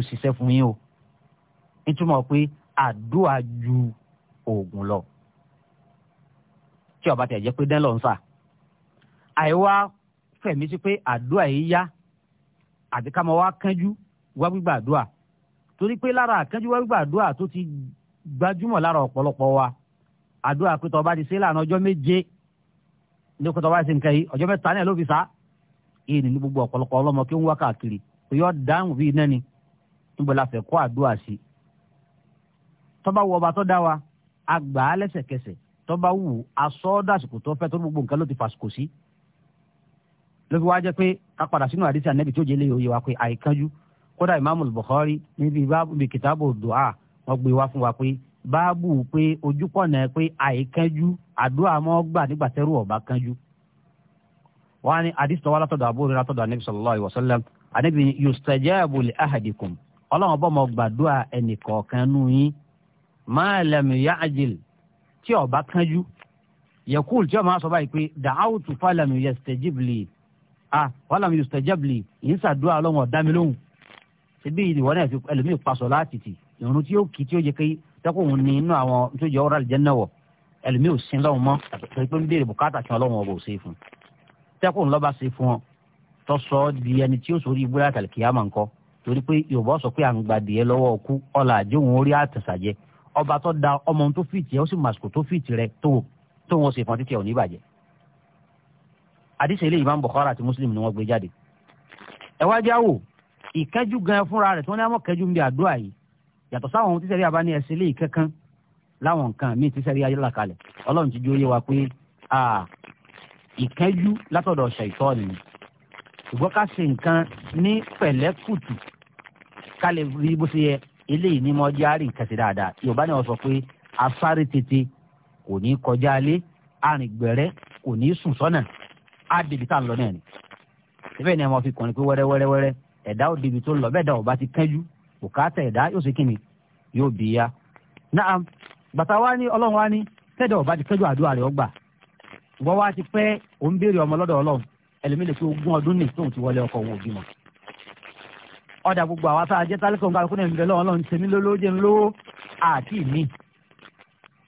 tẹ́sí nítumọ̀ pé àdúrà ju oògùn lọ tí ọba tẹ̀ jẹ́ pé dán lọ ń fà àìwá fẹ̀mí sí pé àdúrà yìí yá àti ká máa wá kánjú wá gbígbà àdúrà torí pé lára àkánjú wá gbígbà àdúrà tó ti gbajúmọ̀ lára ọ̀pọ̀lọpọ̀ wa àdúrà pé tọba ti ṣe lànà ọjọ́ méje ní kó tọba ti nǹkan yìí ọjọ́ mẹ́ta náà ló fi sá èyí nínú gbogbo ọ̀pọ̀lọpọ̀ ọlọ́mọ kí ń wá káàkiri yọ dáhùn bíi náà ni níbo la fẹ́ kó àdúrà sí i tọ́ba wọ ọba tó dá wa a gbà á lẹ́sẹ̀kẹsẹ̀ tọ́ba wù asọ́ọ́dọ̀ àsìkò tó fẹ́ tó gbogbo nǹkan ló ti fàsìkò sí. ló fi wá jẹ́ pé ká padà sínú àdìsí ànẹ́bì tó jẹ́lé òye wa pé àìkánjú kódà Imam Bukhari níbi báàbù kìtàbù dùá wọ́n gbé wá fún wa pé báàbù pé ojúpọ̀nà pé àìkánjú àdúrà mọ́ gbà nígbà tẹ́rù ọ̀bá kánjú. wọ́n á ní àdìsí tọ́wọ́ látọ̀dọ̀ àbúrò látọ̀dọ̀ ànẹ́bì sallallahu alaihi wasallam ànẹ́bì yustajabu li ahadikum ọlọ́run bọ́ mọ gbàdúrà ẹnì kọ̀ọ̀kan nù yín máa lẹ́mú ya àjèl tí ọba kánjú yẹkúl tí ọba sọ báyìí pé dàáwùtù fàlẹ́mú yẹ stẹ̀jìbìlì à ah, fàlẹ́mú yẹ stẹ̀jìbìlì yìí ń sàdúrà ọlọ́run ọ̀dá mi lóhùn síbí ìwọ náà fi ẹlòmíì pasọ̀ láti tì ìrun tí ó kì tí ó yẹ kéyìí tẹkùn ní inú àwọn tó jẹ ọ̀rọ̀ àlìjẹnà wọ ẹlòmíì ò sin lọ́wọ́ mọ́ àtàkùn pé ń béèrè bùkátà kí Ọlọ́run ọba ò ṣe fún un tẹkùn lọba ṣe fún ọ tó di ẹni tí ó sórí ibúra àtàlìkìyàmà ńkọ́ torí pé Yorùbá sọ pé à ń gba adìyẹ lọ́wọ́ ọkú ọlà àjòhùn orí àtẹsàjẹ ọba tó da ọmọ tó fìtì ẹ ó sì màsùkò tó fìtì rẹ tó tó wọn sì fọn títí ẹ ò ní bàjẹ́. àdìsẹ́ ilé Imam Bukhari àti Muslim ni wọ́n gbé jáde. ẹ wá já wò ìkẹ́jú gan fúnra rẹ̀ tí wọ́n ní àmọ́ kẹ́jú ń bí àdúrà yìí yàtọ̀ sáwọn ohun tíṣẹ́rí abá ní ẹsẹ̀ ilé ìkẹ́kàn láwọn nǹkan míì tíṣẹ́rí ayélujára kalẹ̀ Ọlọ́run ti jó yé wa pé ìkẹ́jú látọ̀dọ̀ ṣàìtọ́ nìyí ṣùgbọ́n ká ṣe nǹkan ní pẹ̀lẹ́kùtù ká lè rí bó ṣe yẹ eléyìí ni mo jẹ́ àárín nǹkan sí dáadáa yorùbá ni wọ́n sọ pé asáré tètè kò ní kọjá alé arìngbẹ̀rẹ́ kò ní sùn sọ́nà á débi tá à ń lọ náà ni síbẹ̀ ni wọ́n fi kùnrin pé wẹ́rẹ́ wẹ́rẹ́ wẹ́rẹ́ ẹ̀dá ò débi tó lọ bẹ́ẹ̀ dá ọba ti kánjú bùkátà ẹ̀dá yóò ṣe kíni yóò bí ya náà bàtà wa ni ọlọ́run wa ni tẹ́dọ̀ ọba ti kánjú àdúrà rẹ̀ ọgbà wọ́n wá ti pẹ́ òun béèrè ọmọ lọ́dọ̀ ọlọ́run ẹlòmílẹ̀ ọ̀dà gbogbo àwa tá a jẹ́ tálíkọ̀ nǹkan kúnlẹ̀ ńbẹ̀ lọ́wọ́ ọlọ́run tèmi lólóje ńlówó àti mi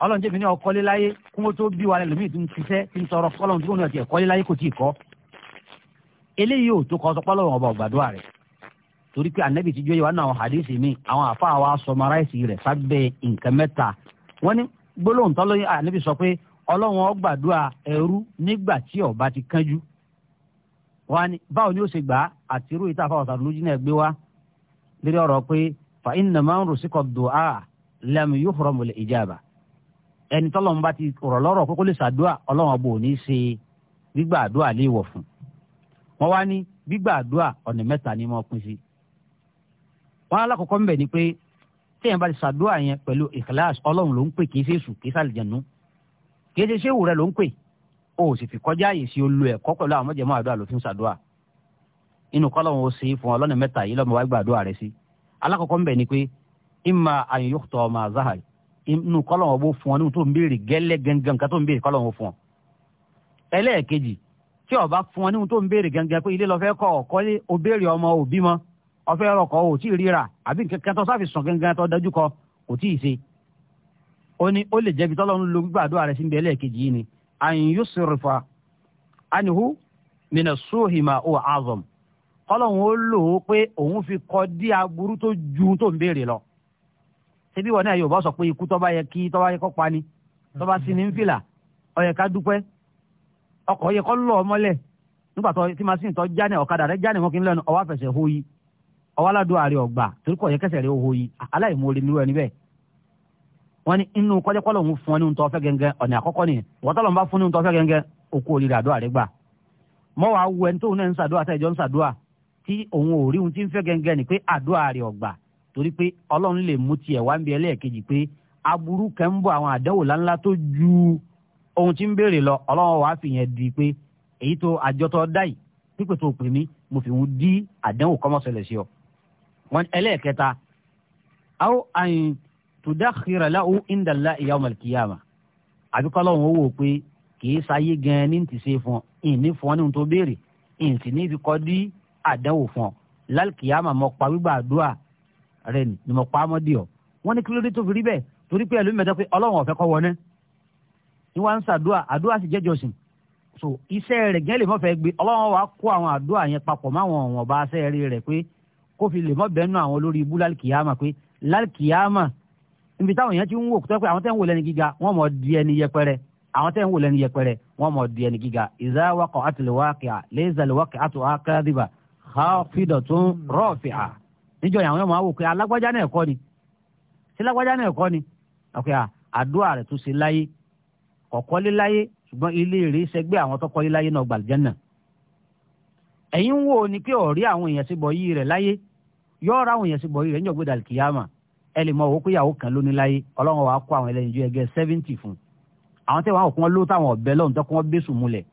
ọlọ́run tèmi ní ọkọ́lé láyé kún ó tó bí wa lẹ́lòmíì tó ń ṣiṣẹ́ tí ń tọrọ ọlọ́run tí kò ní ọ̀tí ẹ̀kọ́lé láyé kò tíì kọ́ eléyìí ò tó kọ́ sọpọ́ lọ́wọ́ ọba ọ̀gbàdúrà rẹ̀ torí pé ànábì ti jó yẹ wá náà hadisi mi àwọn àfáà wa sọmaráìsì rẹ̀ sábẹ́ nǹkan mẹ́ta wọ́n ní gbólóhùn tọ́lọ́yìn ànábì sọ pé ọlọ́run ó gbàdúrà ẹrú nígbà tí ó ti kánjú wọ́n á ní báwo ni ó ṣe gbà á àti irú ìta àfàwọn sàrúlójì náà gbé wá lórí ọ̀rọ̀ pé fa inna man rusika du'a lam yuhramu al-ijaba ẹni tọ́lọ́ ń bá ti rọ̀ lọ́rọ̀ kókó lè ṣàdúà ọlọ́run ọba ò ní ṣe gbígbà àdúà lè wọ̀ fún wọn wá ní gbígbà àdúà ọ̀nà mẹ́ta ni wọ́n pín sí wọn alákọ̀ọ́kọ́ ń bẹ̀ ni pé téèyàn bá ti ṣàdúà yẹn pẹ̀lú ikhlas ọlọ́run ló ń pè kì ṣe èṣù kì í ṣàlìjẹ̀nu kì í ṣe ṣéwù rẹ ló ń pè o sì fi kọjá àyè sí olú ẹ̀kọ́ pẹ̀lú àwọn mọ̀jẹ̀mọ́ àdúrà ló fi ń ṣàdúrà inú kọ́lọ́hún ó sì fún ọlọ́nà mẹ́ta yìí lọ́mọ wá gbàdúrà rẹ̀ sí alákọ̀ọ́kọ́ ń bẹ̀ ni pé ìmà àyùyọ̀tọ̀ ọmọ azahar inú kọ́lọ́hún ọbọ̀ fún ọ nínú tó ń béèrè gẹ́lẹ́ gangan nǹkan tó ń béèrè kọ́lọ́hún fún ọ. ẹlẹ́ẹ̀kejì tí ọba fún ọ nínú tó ń béèrè gangan pé ilé lọ fẹ́ kọ́ an yusrifa anhu mina sóhìmà ó azọm kọ́lọ́hún ó lò ó pé òun fi kọ́ dí aburú tó ju tó ń béèrè lọ ṣebí wọn náà yóò bá sọ pé ikú tọ́ba yẹ kí tọ́ba yẹ kọ́ pa ni tọ́ba sí ní fìlà ó yẹ ká dúpẹ́ ọkọ̀ yẹ kọ́ lọ́ mọ́lẹ̀ nígbà tó tí màsín tó jáde ọ̀kadà rẹ jáde wọn kì í lẹ́nu ọwọ́ àfẹsẹ̀ hóyi ọwọ́ aládùn àárẹ̀ ọ̀gbà torí kọ̀ yẹ kẹsẹ̀ rẹ hóyi aláìmoore nírú ẹni bẹ́ẹ̀ wọ́n ní inú kọ́lékọ́lé òun fún ọ ní ohun tó fẹ́ gẹ́gẹ́ ọ̀nà àkọ́kọ́ ni wọ́tọ́lọ́ bá fún ní ohun tó fẹ́ gẹ́gẹ́ okú oríire àdúrà rẹ gbà mọ́ wàá wo ẹni tóun náà ń sàdúrà tẹ́jọ́ tí ni pé àdúrà ọ̀gbà torí pé ọlọ́run lè mú tiẹ̀ wá ń pé aburú kẹ́ ń bọ̀ àwọn àdánwò ohun tí ń lọ ọlọ́run wàá fi yẹn di pé èyí tó ọ. wọn ẹlẹ́ẹ̀kẹta àwọn àyìn tudakhira lahu inda Allahi yawm al-qiyama àbíkọ́lọ́ wọn wò pé kìí sáyé gan-an ní ti ṣe fún ọ ìní fún ọ ní tó béèrè ìǹtì ní fi kọ́ dí àdánwò fún ọ lálùkìyàmà mọ pa gbígbà àdúrà rẹ ni mo pa á mọ́ dì ọ wọ́n ní kí ló dé tó fi rí bẹ́ẹ̀ torí pé ẹlòmíì mẹ́ta pé ọlọ́run ọ̀fẹ́ kọ́ wọlé ni wọ́n ń ṣàdúrà àdúrà sì jẹ́jọ́ sìn so iṣẹ́ rẹ̀ gẹ́lẹ́ mọ́fẹ́ gbé ọlọ́run wa kó àwọn àdúrà yẹn papọ̀ máwọn ọ̀wọ̀n bá aṣẹ́ rẹ̀ pé kó fi lè mọ́ bẹ́ẹ̀ nù àwọn olórí ibú lálùkìyàmà pé lálùkìyàmà níbi táwọn èèyàn ti ń wò tó pé àwọn tẹ́ ń wò lẹ́ni gíga wọ́n mọ̀ di ẹni yẹpẹrẹ àwọn tẹ́ ń wò lẹ́ni yẹpẹrẹ wọ́n mọ̀ di ẹni gíga idha waqa'atil waqi'a laysa al-waqi'atu kadhiba khafidatun rafi'a níjọ àwọn ọmọ àwòkẹ́ alágbájá náà ẹ̀kọ́ ni sí lágbájá náà ẹ̀kọ́ ni ọ̀kẹ́ àdúrà rẹ̀ tó ṣe láyé kọ̀kọ́lé láyé ṣùgbọ́n ilé rẹ̀ ṣẹgbẹ́ àwọn tó kọ́lé àwọn èèyàn ṣe bọ̀ yí rẹ̀ láyé yọ́ọ̀rọ̀ àwọn èèyàn ṣe bọ̀ yí rẹ̀ níjọ̀gbẹ́dàlì kìyàmà ẹ lè mọ òwò pé ìyàwó kan lónìí láyé ọlọ́run wàá kó àwọn ẹlẹ́yinjú ẹgẹ́ seventy fún àwọn tẹ́wọ̀n àwọn kan ló táwọn ọ̀bẹ lọ́hùn tó kí wọ́n bẹ́sùn múlẹ̀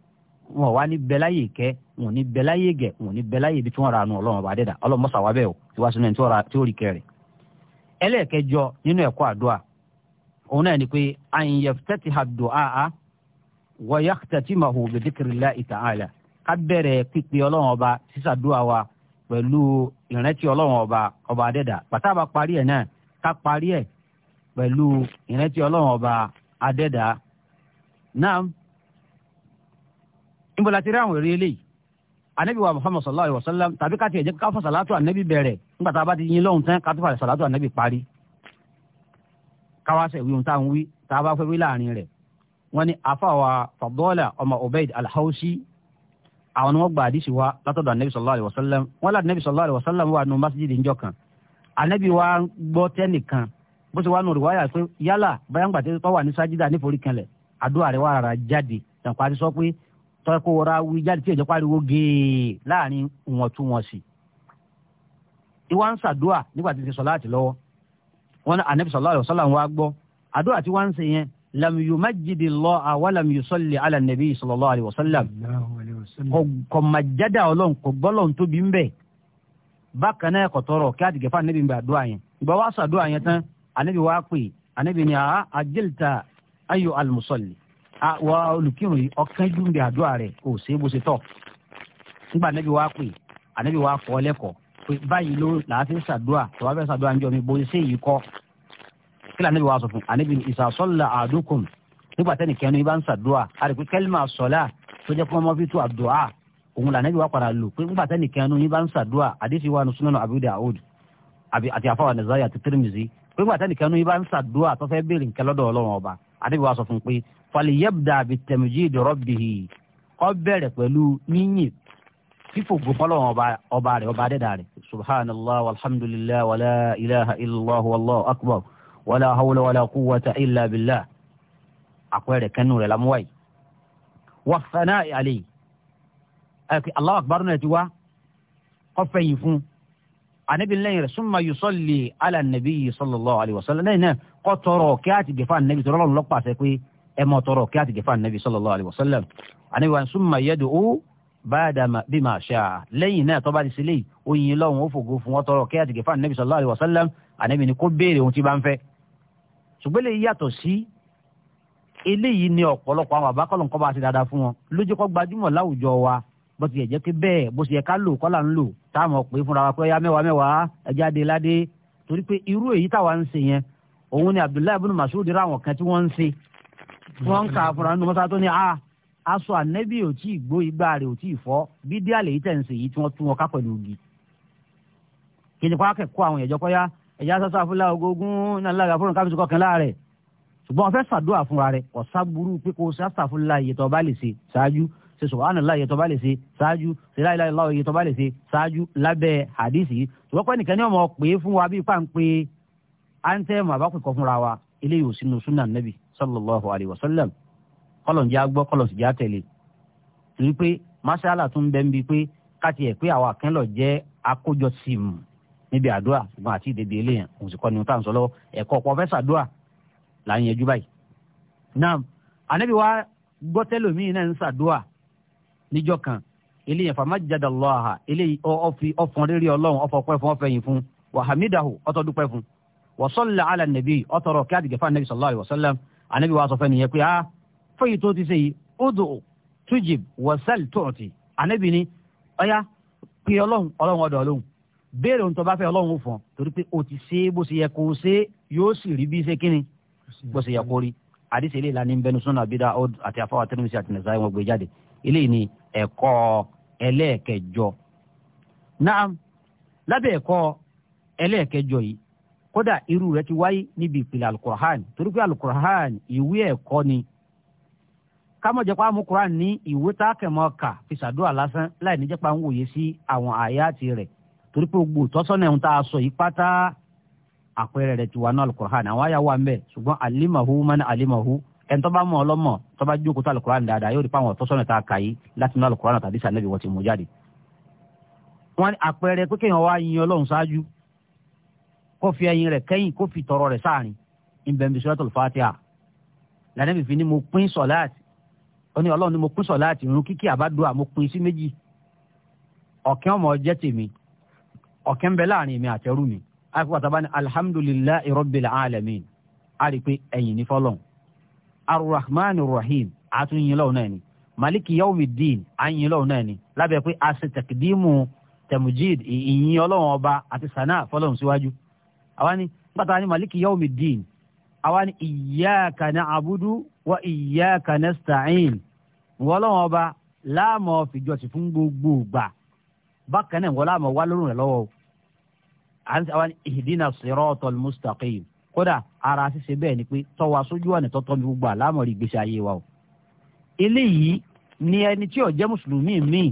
wọn wá ní bẹ́láyè kẹ́ wọn ní bẹ́láyè gẹ̀ wọn ní bẹ́láyè ibi tí wọ́n ra nu ọlọ́run ọba dẹ́dà ọlọ́run mọ́sà wá bẹ́ẹ̀ o tí wàá sinú ẹni tí ó rí kẹrẹ̀ ẹlẹ́ẹ̀kẹjọ nínú ẹ̀kọ́ àdúrà òun wa pẹ̀lú ìrántí ọlọ́run ọba ọba adẹ́dà pàtàbà parí ẹ̀ náà ká parí ẹ̀ pẹ̀lú ìrántí ọlọ́run ọba adẹ́dá náà níbo la ti rí àwọn èrè eléyìí anabi wa muhammad sallallahu alaihi wa sallam tàbí ká tiẹ̀ jẹ́ ká fọ sàlátù anabi bẹ̀rẹ̀ nígbà tá a bá ti yin lọ́hùn tán ká tó fà sàlátù anabi parí káwáṣẹ̀ wí ohun tá à ń wí tá a bá fẹ́ wí láàrin rẹ̀ wọ́n ní afáwa fàdọ́là ọmọ obeid alhausi àwọn ni wọ́n gba àdìsí wa látọ̀dọ̀ anabi sallallahu alaihi wa sallam wọ́n lá anabi sallallahu alaihi wa sallam wà nù masjid ìjọ kan ànábì wa gbọ́ tẹ́nìkan bó ṣe wá nù rìwáyà pé yálà báyàngbà tí tọ́wà ní sájídà níforí kanlẹ̀ àdúrà rẹ̀ wà rárá jáde tàǹpá ti sọ pé tọ́kọ̀ wọra wí jáde tí èjọ́ pariwo gèè láàrin ìwọ̀ntúnwọ̀nsì ìwà ń ṣàdúà nígbà tí ti sọ láti lọ́wọ́ wọn ànábì sallallahu alaihi wasallam wa gbọ́ àdúrà tí wọ́n ń ṣe yẹn lam yumajjidi Allaha wa lam yusalli ala nabi sallallahu alaihi wasallam kò kò màjádà ọlọ́run kò gbọ́lọ́run tóbi ń bẹ́ẹ̀ bákan náà ẹ̀kọ́ tọrọ kí àtìgẹ́ fún anabi gbà dúà yẹn ìgbà wa sọ àdúà yẹn tán anabi wa pè anabi ni a àjẹlìta ayò alimusọ̀lì wa olùkírun yìí ọ̀kan jù ń bẹ àdúà rẹ̀ kò sí bó ṣe tọ̀ nígbà anabi wa pè anabi wa kọ́ lẹ́kọ̀ọ́ pé báyìí ló mi bó ṣe yìí kọ́ kí lànà sọ fún anabi àdúkùn nígbà tẹ́nìkẹ́nu ibà ń àdìpẹ́ kẹ́lí òun là nẹ́bí wa padà lò pé ńgbà tẹ́nìkan nu yín bá ń ṣàdúrà àdéhùn wa sunanu Abu Daud àti àfọwà Nasa'i àti Tirmidhi pé ńgbà tẹ́nìkan nu yín bá ń ṣàdúrà tó fẹ́ béèrè nǹkan lọ́dọ̀ Ọlọ́run ọba àdéhùn wa sọ fún un pé falyabda bitamjid rabbih kó bẹ̀rẹ̀ pẹ̀lú yínyìn fífògbò fọlọ́run ọba rẹ̀ ọba dẹ́dà rẹ̀ subhanallah walhamdulillah wala ilaha illallah wallahu akbar wala hawla wala Allahu akbar náà ti wá kọfẹ́ yìí fún anabi lẹ́yìn rẹ̀ summa yusalli ala nabiyyi sallallahu alayhi wa sallam lẹ́yìn náà kọ́ tọrọ kí á ti gẹ̀fà nàbí tọrọ lọ́nà lọ́pàṣẹ pé ẹ mọ̀ tọrọ kí á ti gẹ̀fà nàbí sallallahu alayhi wa sallam anabi wa summa yad'u báyàdàmà bí màá ṣá lẹ́yìn náà tọ́ba ti sílẹ̀ oyin lọ́hùn ó fògo fún wọn tọrọ kí àtìgẹ́ fún anabi sallallahu alayhi anabi ni kó béèrè ohun tí bá ń fẹ́. ṣùgbọ́n lè yàtọ̀ sí ni ọ̀pọ̀lọpọ̀ àwọn àbákọ́lọ̀ ń ti dáadáa fún wọn lójú kọ́ láwùjọ wa bó ti yẹ jẹ́ pé bẹ́ẹ̀ bó ti yẹ ká lò kọ́là ń lò táwọn pè é fúnra wa pé ọyá mẹ́wàá mẹ́wàá ẹja dé ládé torí pé irú èyí táwa ń ṣe yẹn òun ni Abdullahi ibn Mas'ud ra àwọn kan tí wọ́n ń ṣe wọ́n ń ka fúnra nínú mọ́tà tó ní a ah, aṣọ ànẹ́bí ò tí ì gbó igbá rẹ̀ ò tí ì fọ́ bí díà lèyí tẹ̀ ń ṣe yìí tí wọ́n tún wọn ká pẹ̀lú ògì kí ni kó akẹ́kọ̀ọ́ àwọn ìyẹ̀jọ́ kọ́yá ẹ̀yà sọ́sọ́ àfúlà ogógún náà ṣe subhanallah iye tó bá lè ṣe ṣáájú ṣe la ilaha illallah iye tó bá lè ṣe ṣáájú lábẹ́ hadisi yìí ṣùgbọ́n pé nìkan ní ọmọ pé fún wa bí páńpé antẹ́mù àbákùkọ fúnra wa eléyìí ò sínú súnà nàbì sallallahu alayhi wa sallam kọlọ̀n jẹ́ agbọ́ kọlọ̀ sì jẹ́ àtẹ̀lé torí pé masala tún bẹ́ ń bi pé káti ẹ̀ pé àwọn akẹ́lọ̀ jẹ́ akójọ síìmù níbi àdúrà ṣùgbọ́n àti ìdèdè eléyàn òun sì kọ́ ni táwọn sọ lọ́wọ́ ẹ̀kọ́ pọfẹ́sà dúà là ń yẹjú báyìí. náà ànábì wa gbọ́ náà ń ṣàdúà níjọ́ kan eléyìí famajjada Allah eléyìí ọfi ọfọn rere ọlọ́run ọfọpẹ́ fún ọfẹ̀yìn fún wa hamidahu ọtọdúpẹ́ fún wa salla ala nabi ọtọrọ kí adìgẹ fún anabi sallallahu alayhi wa sallam anabi wa sọ fẹ́ nìyẹn pé ah fẹ́yì tó ti ṣe yìí udu tujib wasal tuuti anabi ni ọ̀ya pé ọlọ́run ọlọ́run ọdọ̀ ọlọ́run béèrè ohun tó bá fẹ́ ọlọ́run ó fọ́n torí pé o ti ṣe bó ṣe yẹ kó o ṣe eléyìí ni ẹ̀kọ́ ẹlẹ́ẹ̀kẹjọ náà lábẹ́ ẹ̀kọ́ ẹlẹ́ẹ̀kẹjọ yìí kódà irú rẹ̀ ti wáyé níbi ìpìlẹ̀ alukurahan torí pé alukurahan ìwé ẹ̀kọ́ ni kámọ̀jẹ́pá amukuran ní ìwé tákẹ́mọ́ kà fi ṣàdúrà lásán láì níjẹ́pá ń wòye sí àwọn àyátì rẹ̀ torí pé gbogbo ìtọ́sọ́nà ẹ̀hún tá a sọ yìí pátá àpẹẹrẹ rẹ̀ ti wà ní alukurahan àwọn àyà wà ń bẹ̀ ṣùgbọ́n alimahu man alimahu ẹni tó bá mọ̀ ọlọ́mọ̀ tó bá jókòó tó alukur'an dáadáa yóò rí pàwọn ọ̀tọ́sọ́nà tá a kà yí láti inú alukur'an tàbí sànẹ́bí wọ́n ti mú jáde. wọ́n ní àpẹẹrẹ pé kéèyàn wá yin ọlọ́run ṣáájú kó fi ẹyin rẹ̀ kẹ́yìn kó fi tọrọ rẹ̀ sáàrin ìbẹ̀mí suratul fatiha lànàbí fi ni mo pín sọ̀láàtì ó ní ọlọ́run ni mo pín sọ̀láàtì irun kíkí àbádùá mo pín sí méjì ọ̀kẹ́ ọmọ jẹ́ alamin a rí i arrahman rahim àtúnyìn lọ́wọ́ náà ni maliki yawmiddin àyìn lọ́wọ́ náà ni lábẹ́ pé a ṣe tẹkidimu tẹmujid ìyìn ọlọ́wọ́n ọba àti sana fọlọ́run síwájú àwa ni nígbà tá a ní maliki yawmiddin àwa ni iyyaka na'budu wa iyyaka nasta'in wọ́lọ́wọ́n ọba láàmú fìjọsìn fún gbogbo ìgbà bákan náà wọ́n láàmú wá lórun rẹ̀ lọ́wọ́ àwa ihdina siratal mustaqim kódà ara ṣíṣe bẹ́ẹ̀ ni pé tọ́wa sójú ọ̀nà tọ́tọ́ ní gbogbo àlámọ̀rí ìgbésí ayé wa o. eléyìí ni ẹni tí ó jẹ́ mùsùlùmí míì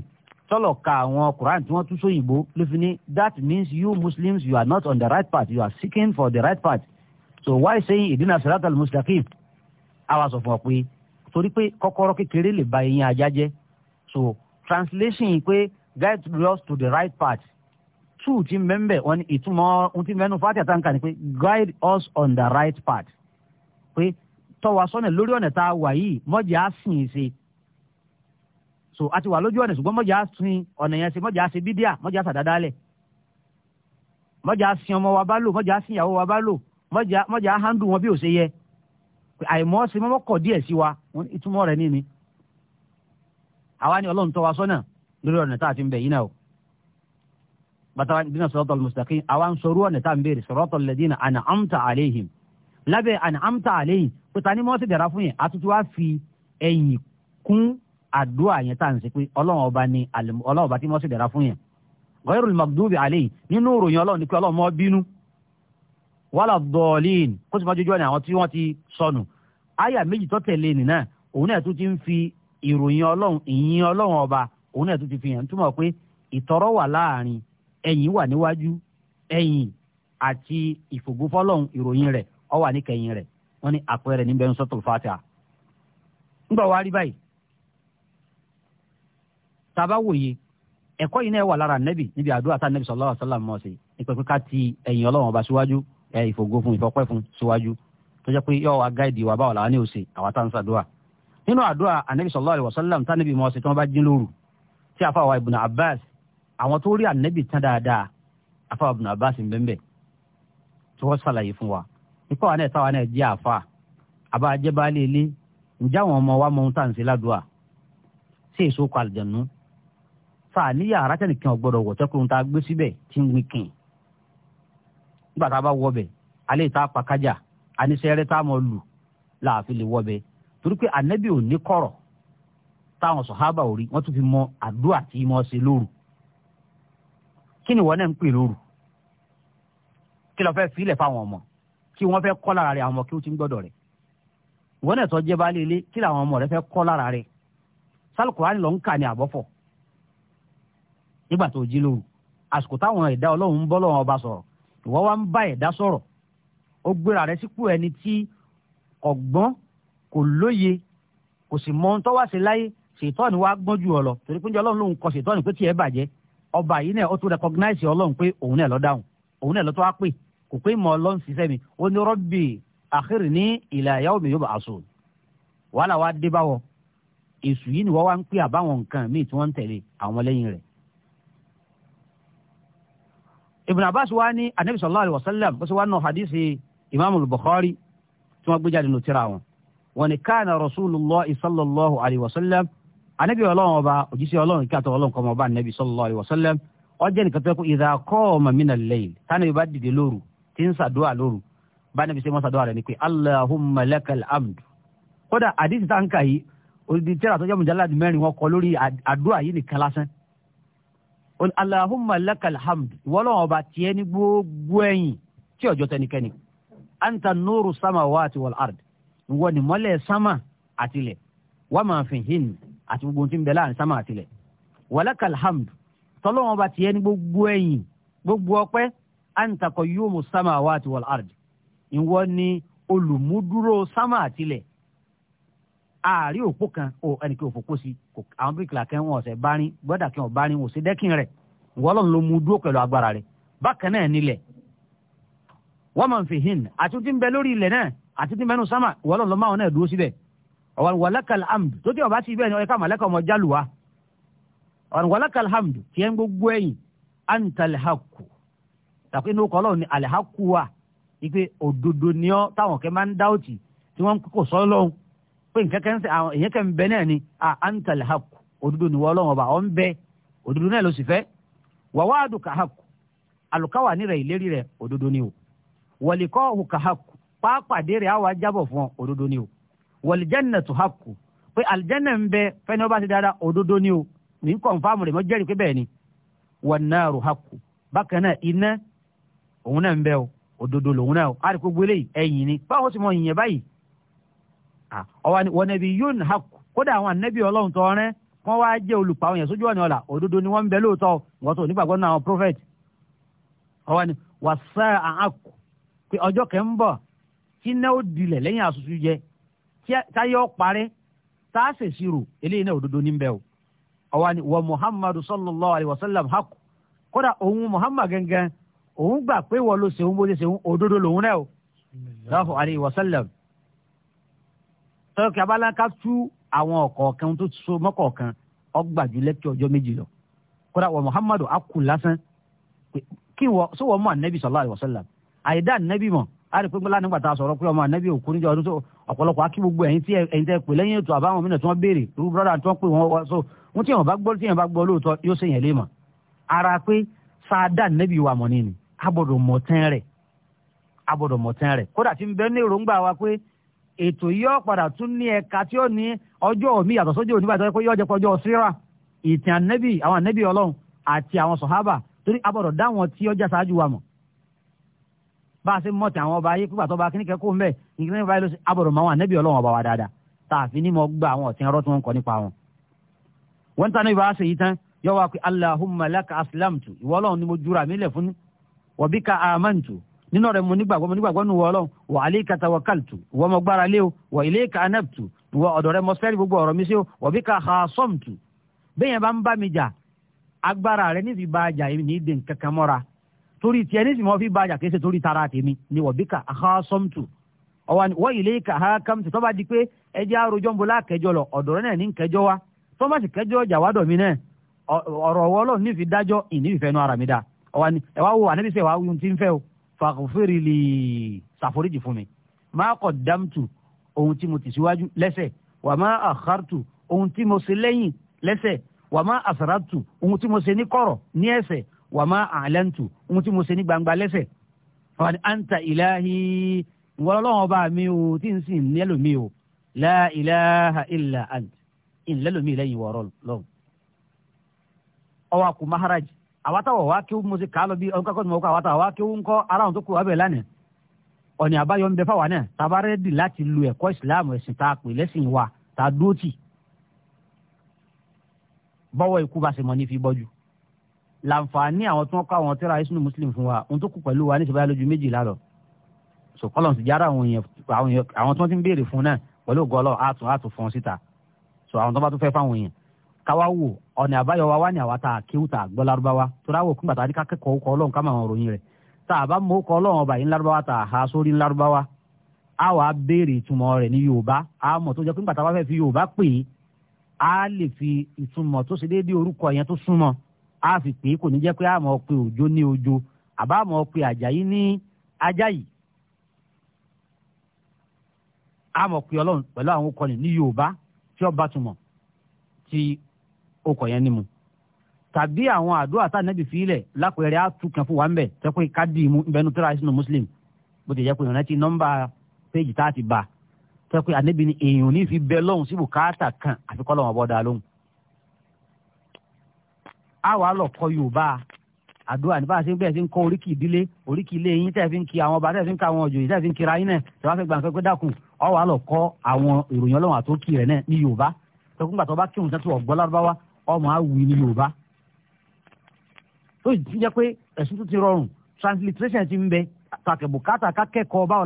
tọ́lọ̀ ka àwọn Quran tí wọ́n tún sóyìnbó ló fi ní that means you Muslims you are not on the right path you are seeking for the right path so why saying ìdínà sirata al-mustaqim àwa sọ fún ọ pé torí pé kọ́kọ́rọ́ kékeré lè ba eyín ajá jẹ́ so translation pé guide us to the right path two ti mbẹ́mbẹ́ wọn ni ìtumọ̀ ohun ti mbẹ́nu fati àtànkà ni pé guide us on the right path pé tọ́ wa sọ́nà lórí ọ̀nà tá a wà yìí mọ́jà á sìn ín sí so a ti wà lójú ọ̀nà ṣùgbọ́n mọ́jà á sin ọ̀nà yẹn sí mọ́jà á ṣe bídíà mọ́jà á sàdádálẹ̀ mọ́jà á sin ọmọ wa bá lò mọ́jà á sin ìyàwó wa bá lò mọ́jà á handle wọn bí ò ṣe yẹ àìmọ́ ṣe mọ́ kọ̀ díẹ̀ sí wa ìtumọ̀ rẹ̀ ní ni àwa ni ọlọ́run tọ́ wa sọ́nà lórí ọ̀nà tá a ti ń bẹ̀ náà bàtàwà dínà sọ́tọ̀ mùsàkín àwọn sọ̀rọ̀ ọ̀nà tá à ń béèrè sọ̀rọ̀tọ̀ lẹ́dínà àná amta àléhìm lábẹ́ àná amta àléhìm pé ta ni mo ti dára fún yẹn àtútù wá fi ẹ̀yìn kún àdúrà yẹn tá à ń ṣe pé ọlọ́run ọba ni ọlọ́run ọba tí mo ti dára fún yẹn ghayrul magdubi àléhìm nínú ìròyìn ọlọ́run ni pé ọlọ́run mọ́ bínú wàlá dọ̀ọ̀lìn kó sì máa jójú ọ̀nà àwọn tí wọ́n ti sọnù àyà méjì tó tẹ̀lé nìyẹn òun náà tún ti ń fi ìròyìn ọlọ́run ìyìn ọlọ́run ọba òun náà tún ti fi hàn túmọ̀ pé ìtọ́rọ̀ wà láàrin ẹ̀yìn wà níwájú ẹ̀yìn àti ìfògúnfọ́lọ́hún ìròyìn rẹ̀ ó wà níkẹyìn rẹ̀ wọ́n ní àpẹẹrẹ níbẹ̀ ń sọ́tò fatiha. ńgbà wá rí báyìí tàbá wòye ẹ̀kọ́ yìí náà wà lára nẹ́bì níbi àdúrà tá nẹ́bì sallallahu alaihi mọ̀ sí pé ká ti ẹ̀yìn ọlọ́run ọba síwájú ẹ̀ ìfògo fún ìfọpẹ́ fún síwájú tó jẹ́ pé wa gáìdì wa báwo làwọn ní òsè sàdúrà nínú àdúrà ànẹ́bì tá nẹ́bì àwọn tó rí ànẹ́bì tán dáadáa afa Ibn Abbas ń bẹ́ẹ̀ tí wọ́n ṣàlàyé fún wa nípa wa náà táwa náà jẹ́ àfa àbá ajẹ́bálé ilé ǹjẹ́ àwọn ọmọ wa mọ ohun tá à ń ṣe ládùúà sí èso kọ àlùjànnú fa ní yàrá tẹnìkan ọgbọ́dọ̀ wọ̀ tẹ́kùn tá a gbé síbẹ̀ tí ń wíkìn nígbà tá a bá wọbẹ̀ alẹ́ ìta pàkájà aníṣẹ́rẹ́ tá a mọ̀ lù láàfin lè wọbẹ̀ torí pé ànẹ́bì ò ní kọ̀rọ̀ táwọn sọ̀hábà ò rí wọ́n tún fi mọ àdúrà tí mo ṣe lóru kí ni wọ́n náà ń pè lóru kí lọ fẹ́ filẹ̀ fáwọn ọmọ kí wọ́n fẹ́ kọ́ lára rẹ̀ àwọn ọmọ kí ó ti ń gbọ́dọ̀ rẹ̀ wọ́n náà tọ́jú bá lélẹ̀ kí làwọn ọmọ rẹ̀ fẹ́ kọ́ lára rẹ̀ sálùkùránì lọ ń kà ní àbọ̀fọ̀ nígbà tó jí lóru àsìkò táwọn ẹ̀dá ọlọ́run ń bọ́ lọ́wọ́ ọba sọ̀rọ̀ ìwọ́ wa ń bá ẹ̀dá sọ̀rọ̀ ó gbéra rẹ̀ sípò ẹni tí ọ̀gbọ́n kò lóye kò sì mọ ohun tó wá sí láyé ṣètọ́ni wa gbọ́n ju ọ lọ torí pé ọlọ́run lòun kọ ṣètọ́ni pé tiẹ̀ bàjẹ́ ọba yìí náà ó tún recognize ọlọ́run pé òun náà ló dáhùn òun náà ló tó wá pè kò pé mọ ọlọ́run ṣiṣẹ́ mi ó ní rọ́bì àkìrì ní ìlà ìyàwó mi yóò bá aṣọ wàhálà wa dé báwọ èṣù yìí ni wọ́n wá ń pè àbáwọn nǹkan míì tí wọ́n ń tẹ̀lé àwọn lẹ́yìn rẹ̀ Ibn Abbas wa ní anabi sallallahu alayhi wa sallam bó ṣe wá nù hadisi imaamu Bukhari tí wọ́n gbé jáde nù tírà wọn wọ́n ní káàna rasulillah sallallahu alayhi wa sallam anabi ọlọ́run ọba òjíṣẹ́ ọlọ́run kí àtọwọ́lọ́run kọ́ ọmọ ọba anabi sallallahu alaihi wasallam ọjẹ́ nìkan tó yẹ kó ìdá qama minal layl tánàbí bá dìde lóru tí ń sàdúrà lóru bá anabi sẹ́wọ́n sàdúrà rẹ̀ ni pé allahumma lakal amdu kódà àdìsí tá ń kà yìí olùdí tẹ́lá tó jẹ́ mùjáládì mẹ́rin wọn kọ lórí àdúrà yìí nìkan lásán allahumma lakal hamdu wọ́lọ́wọ́n ọba tiẹ́ ní gbogbo ẹ̀yìn tí ọjọ́ àti gbogbo tí ń bẹ láàrin sámà àtìlẹ̀ wàlákà alhamdu tọ́lọ́wọ́n bá tiẹ́ ní gbogbo ẹ̀yìn gbogbo ọpẹ́ anta qayyumu samawati wal ard ìwọ ni olùmúdúró sámà àtìlẹ̀ ààrí òpó kan ò ẹnì kí òpó kó sí àwọn bíríkìlà kan wọn ọ̀sẹ̀ bá rin gbọ́dà kan ọ̀bá rin òsè dẹ́kin rẹ̀ wọ́lọ́n ló mú dúró pẹ̀lú agbára rẹ̀ bákan náà nílẹ̀ wa man fihin àti tí ń bẹ lórí ilẹ̀ náà àti tí ń bẹnu sámà wọ́lọ́n ló máwọn náà dúró síbẹ̀ ọ̀wọ̀n wàlákàl hamdu tó tí ọba ti bẹ́ẹ̀ ni ọ̀yẹ́ká màlẹ́kà ọmọ jálùwá ọ̀wọ̀n wàlákàl hamdu ń gbogbo ẹ̀yìn antalhaku tàbí inú kọ́ ọlọ́run ni alhaku wa ipe òdodo ni ọ́ táwọn kẹ́ máa ń dá òtì tí wọ́n kò sọ lọ́hùn pé nǹkan ń sẹ́ àwọn èèyàn kẹ́ ń bẹ náà ni antalhaku òdodo ni wọ́n ọlọ́run ọba ọ̀ ń bẹ ni o wọ̀lìkọ́ òhù kàhaku pápàdé rẹ̀ àwa jábọ̀ fún òdodo ni wọ̀lìjẹ́nà tó hà kù pé àlìjẹ́nà ń bẹ fẹ́ni wọ́n ti dára òdodo ni o ní kọ̀ǹfàmù rẹ̀ mọ́ jẹ́rìí pé bẹ́ẹ̀ ni wọ́n náà rò hà kù bákan náà iná òun náà ń bẹ o òdodo lòun náà o a rí gbogbo eléyìí ẹ̀yìn ni báwo sì mọ ìyẹn báyìí ọwọ́ ni wọ́n nẹbi yóò hà kù kódà àwọn ànẹ́bí ọlọ́run tó rẹ́ wọ́n wá jẹ́ olùpàá àwọn yẹn ni wọ́n ń bẹ lóòótọ́ wọ́n tó nígbàgbọ́ náà àwọn prophet ọwọ́ kí náà ó dilẹ̀ lẹ́yìn àṣùṣù jẹ táyọ̀ parẹ́ tá a ṣèṣì rò eléyìí náà òdodo níbẹ̀ o ọwọ́ ni wọ muhammadu sallallahu alayhi wa sallam haq kódà òun muhammad gangan òun gbà pé wọ́n ló ṣeun bó ṣe ṣeun òdodo lòun náà o sallallahu alayhi wa sallam tọ́kì abáláńká tú àwọn ọ̀kọ̀ọ̀kan tó so mọ́kọ̀ọ̀kan ọgbàjú lẹ́kì ọjọ́ méjì lọ kódà wọ muhammadu akú lásán kí wọ́n sọ wọ́n mọ anabi sallallahu alayhi wa sallam àyídá anabi mọ̀ a rí pínpín láti pàtàkì sọ̀rọ̀ pé ọmọ ànábì òkú níjọ ọdún tó ọ̀pọ̀lọpọ̀ akí gbogbo ẹ̀yìn tí ẹ̀yìn tẹ́ pè lẹ́yìn ètò àbáwọn mìíràn tí wọ́n béèrè irú brọ́dà tí wọ́n pè wọ́n wá so wọ́n tí èèyàn bá gbọ́ tí èèyàn bá gbọ́ lóòótọ́ yóò ṣèyàn lé mọ̀ ara pé sáadà nẹ́bí wa mọ̀ nínú abọ̀dọ̀ mọ̀ tán rẹ̀ abọ̀dọ̀ mọ̀ tán rẹ̀ kódà tí ń bẹ ní wa pé ètò yóò padà tún ní ẹ̀ka tí ó ní ọjọ́ mi yàtọ̀ sójú òní bàtà pé yóò bá a ṣe mọ̀tì àwọn ọba ayé pípa tó bá kíníkẹ́ kó ń bẹ̀ ìgbìmọ̀ ìbáyé ló ṣe abọ̀rọ̀ mọ́ àwọn ànẹ́bí ọlọ́wọ́n ọba wa dáadáa tá a fi ní mọ gba àwọn ọ̀tí ọ̀rọ̀ tí wọ́n kọ́ nípa wọn. wọ́n tán ibà ṣe yìí tán yọ wá pé laka aslamtu ìwọ ọlọ́run ni mo jura mi lẹ̀ fún wa bika amantu nínú rẹ̀ mo nígbàgbọ́ mo nígbàgbọ́ nù wọ ọlọ́run wa alayka tawakkaltu ìwọ mo gbára lé o wa ilayka anabtu ìwọ ọ̀dọ̀ rẹ̀ mo sẹ́rí gbogbo ọ̀rọ̀ torí tiẹ̀ ní sìnmọ́ fi bàjá kìí ṣe torí tara tèmi ni wọ́n bí ká àhásọ́mtù ọ̀wà wọ́n ilé ìka àhákámtù tó bá di pé ẹjẹ́ àròjọ́ ń bo lákẹjọ lọ ọ̀dọ̀ rẹ náà ní kẹjọ wa tó bá sì kẹjọ ọjà mi náà ọ̀rọ̀ ọwọ́ nífi dájọ́ ìní ìfẹ́ nu ara mi dá ọ̀wà ni ẹ̀wá wo ànábi sẹ́ wàá wíwọ́n ti ń fẹ́ o fàkùfẹ́rì lè ṣàforíjì fún mi má kọ̀ dámtù ohun tí mo ti síwájú lẹ́sẹ̀ wà má àkàrtù ohun tí mo ṣe lẹ́yìn lẹ́sẹ̀ wà má àsàràtù ohun tí mo ṣe ní kọ̀rọ̀ ní ẹ̀sẹ̀ wà má àlẹ́ǹtù ohun tí mo ṣe ní gbangba lẹ́sẹ̀ wà ní àǹtà ìlàhí ìwọ ọlọ́run mi o tí n sì ní ẹlòmí o la ilaha illa ant ìn lẹ́lòmí lẹ́yìn wọ̀ ọlọ́run. ọwọ́ àkú maharaj àwátàwọ̀ wá kí mo ṣe kàá lọ bí ọkọ̀ kọ́sìmọ̀ ọkọ̀ àwátàwọ̀ wá kí ó ń kọ́ ara àwọn tó kù abẹ́ lánàá ọ̀nì àbáyọ ń bẹ fáwa náà tabarẹ́dì láti lu ẹ̀kọ́ ìsìláàmù ẹ̀sìn tá pè lẹ́sìn wa tá a dúró tì bọ́wọ́ ikú bá ṣe mọ́ ní fi bọ́jú làǹfààní àwọn tí wọ́n kọ́ àwọn tẹ́ra isnu muslim fún wa ohun tó kù pẹ̀lú wa ní ìṣẹ̀báyà lójú méjì lálọ́ so kọ́lọ̀ sì jára àwọn èèyàn àwọn tí wọ́n ti ń béèrè fún náà pẹ̀lú ògọ́lọ́ àtún àtún fún síta so àwọn tó bá tún fẹ́ fáwọn èèyàn káwá wò ọ̀nà àbáyọ wa wá ní àwa tá a kéwù tá a gbọ́ lárúbáwá tó dáwò kún bàtà àdíkà kẹ́kọ̀ọ́ kọ́ ọlọ́run kámà àwọn òròyìn rẹ̀ tá a bá mọ́ kọ́ ọlọ́run ọba yìí lárúbáwá tá a ha sórí lárúbáwá ní yorùbá a a lè fi ìtumọ̀ tó ṣe déédéé orúkọ yẹn tó súnmọ́ a fi pè é kò ní jẹ́ pé a máa pe òjò ní òjò àbá máa pe àjàyí ní ajáyí a máa pe ọlọ́run pẹ̀lú àwọn okọ̀ni ní yorùbá tí ó bá túmọ̀ tí okọ̀ yẹn ni mu tàbí àwọn àdúrà tá nẹ́bì fílẹ̀ lápẹ̀rẹ̀ àtúkàn fún wa ń bẹ̀ tẹ́ pé ká dì í mú ìbẹnu tíra ìsinú muslim bó ti jẹ́ pé ìrántí nọ́mbà péjì tá a ti bá tẹ́ pé ànẹ́bì ni èèyàn ò ní fi bẹ lọ́hùn síbùkátà kan àfikọ́ lọ́wọ́ bọ́ dáa lóhùn àwa lọ kọ yorùbá àdúrà ní bá a ṣe bẹ́ẹ̀ ṣe ń kọ́ oríkì ìdílé oríkì ilé yín tẹ́ẹ̀ fi ń ki àwọn ọba tẹ́ẹ̀ fi ń ka àwọn òjòyè tẹ́ẹ̀ fi ń kira yín náà tẹ́ẹ̀ wá fẹ́ gbà pé dákun ọ wàá lọ kọ́ àwọn ìròyìn ọlọ́run àtòkì rẹ̀ náà ní yorùbá tọkùn gbàtọ́ bá kírun sẹ́tù ọ̀gbọ́n lárúbáwá ọmọ àwì ní yorùbá. tó ti jẹ́ pé ẹ̀sùn tó ti rọrùn transliteration ti ń bẹ tàkẹ́bùkátà kákẹ́kọ̀ọ́ báwo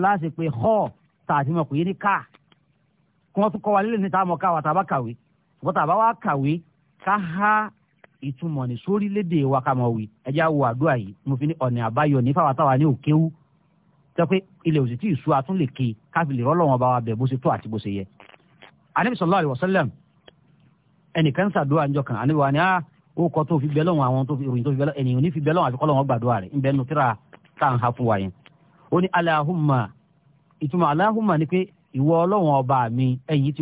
wa lílẹ̀ níta ìtumọ̀ ní sórílẹ̀-èdè wa ká máa wí ẹjẹ́ àwọ̀ àdúrà yìí mo fi ní ọ̀nà àbáyọ ní fáwọn táwa ní òkéwú tẹ́ pé ilẹ̀ òsì tí ìṣú atún lè ke káfí lè rọ́lọ́wọ́n bá wa bẹ̀ bó ṣe tó àti bó ṣe yẹ. anabi sallallahu alaihi wasallam ẹnìkan ń ṣàdúrà ńjọ kan anabi wa ni ah, ó kọ tó fi bẹ àwọn tó fi ròyìn tó fi bẹ lọ́wọ́ ní fi bẹ lọ́wọ́ gbàdúrà mi ẹ̀yìn ti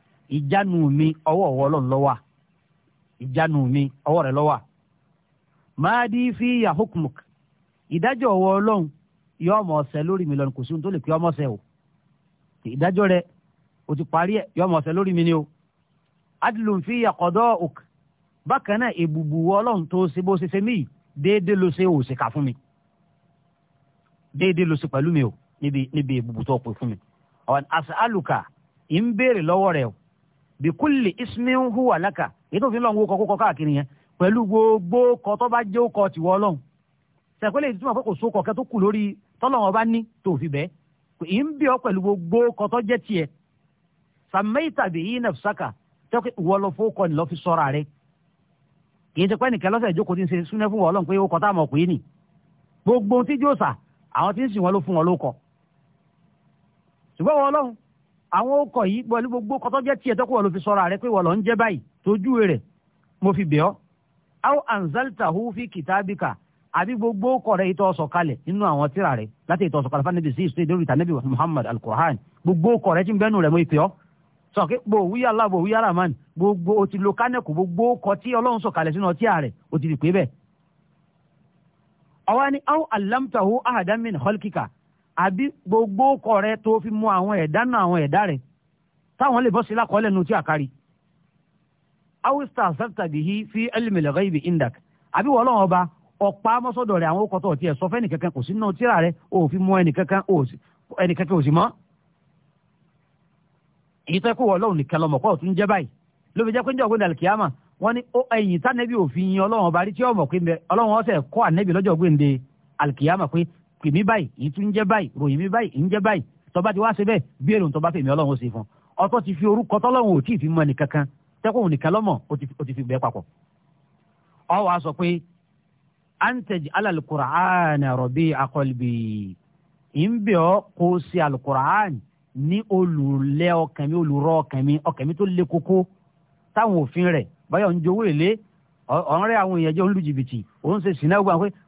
ìjánu mi ọwọ́ ọwọ́ ọlọ́run lọ́wà ìjánu mi ọwọ́ rẹ lọ́wà máàdí fi yahukmuk ìdájọ́ ọwọ́ ọlọ́run yọ ọmọ ọsẹ lórí mi lọ́nà kò sí ohun tó lè pé ọmọ ọsẹ o ìdájọ́ rẹ o ti parí ẹ yọ ọmọ ọsẹ lórí mi ni o adìlù fi yàkọ̀dọ̀ òk bákan náà èbùbù ọlọ́run tó ṣe bó ṣe ṣe mí déédéé ló ṣe òṣìkà fún mi déédéé ló ṣe pẹ̀lú mi o níbi níbi èbùbù tó pè fún mi àwọn àṣà àlùkà ì ń béèrè lọ́wọ́ rẹ o bikulli ismin huwa laka èyí tó fi ń lọ́n wo kọ́ kókọ́ káàkiri yẹn pẹ̀lú gbogbo kọ́ tó bá jẹ́ òkọ́ tìwọ́ ọlọ́run sẹ̀kọ́lẹ̀ ìtumọ̀ pé kò sókọ kẹ́ tó kù lórí tọ́lọ́wọ́n bá ní tó fi bẹ́ẹ̀ kì í bí ọ pẹ̀lú gbogbo kọ́ tó jẹ́ tiẹ̀ sàmẹ́yìtà bí yìí nafsaka tẹ́kọ̀ ìwọ lọ fún ọkọ nìlọ́ fi sọ́ra rẹ kì í ti pẹ́ nìkan lọ́sẹ̀ ìjókòó ti àwọn ọkọ̀ yìí pẹ̀lú gbogbo kọ́tọ́ jẹ́ tiẹ̀ tọ́kọ̀ wọ̀ ló fi sọ̀rọ̀ rẹ pé wọ̀ lọ́ ń jẹ́ báyìí tójú rẹ̀ mo fi bẹ̀ ọ́ aw anzaltahu fi kìtàbíkà àbí gbogbo ọkọ̀ rẹ̀ ìtọ́ sọ kalẹ̀ nínú àwọn tíra rẹ̀ láti ìtọ́ sọ kalẹ̀ fún níbi sí ìsúté lórí ìtànẹ́bí Muhammad al-Qur'an gbogbo ọkọ̀ rẹ̀ ti ń bẹ́nu rẹ̀ mo ìpè ọ́ sọ pé bò wíyà Allah bò wíyà Rahman gbogbo o ti lo kánẹ̀kù gbogbo ọkọ̀ tí Ọlọ́run sọ kalẹ̀ sínú ọtí ààrẹ o ti rí pé bẹ́ẹ̀. ọwọ́ ni aw alamtahu ahadan min àbí gbogbo ọkọ rẹ tó fi mú àwọn ẹ̀dá náà àwọn ẹ̀dá rẹ táwọn lè bọ́ sí lákọọ́lẹ̀ tí a kárí. awista fi ẹlẹ́mìlẹ́gẹ́ ibi indak àbí wọ́n lọ́wọ́ ọba ọ̀pá mọ́sọ́dọ̀ rẹ̀ àwọn òkòtò ọ̀tí ẹ̀ sọ fẹ́ni kankan kò sí náà tíra rẹ̀ ò mú ẹnì kankan ò mọ́. kó nìkan jẹ́ báyìí jẹ́ ń alikiyama wọ́n ní ẹ̀yìn tánẹ́bí òfin ọba rí tí ọmọ pé kọ́ ànẹ́bí lọ́jọ́ alikiyama pé pè mí báyìí ìtún jẹ́ báyìí ròyìn mi báyìí ń jẹ́ báyìí tọ́ba ti wá ṣe bẹ́ẹ̀ bí èrò tọ́ba fèmí ọlọ́run ó ṣe fún ọtọ́ ti fi orúkọ tọ́lọ́run ò tí ì fi mọ nìkankan tẹ́kùn nìkan lọ́mọ ó ti fi bẹ́ẹ̀ papọ̀. ọ wàá sọ pé antaj alalukura'an rọ̀bì akọlbì ìbẹ̀ ọ́ kó ṣe alukura'an ní olùlẹ̀ ọkàn mi olùrọ̀ ọkàn tó le koko táwọn òfin rẹ̀ báyọ̀ ń jowó èlé ọ̀rẹ́ àwọn èèyàn jẹ́ olùjìbìtì òun ṣe sìnà pé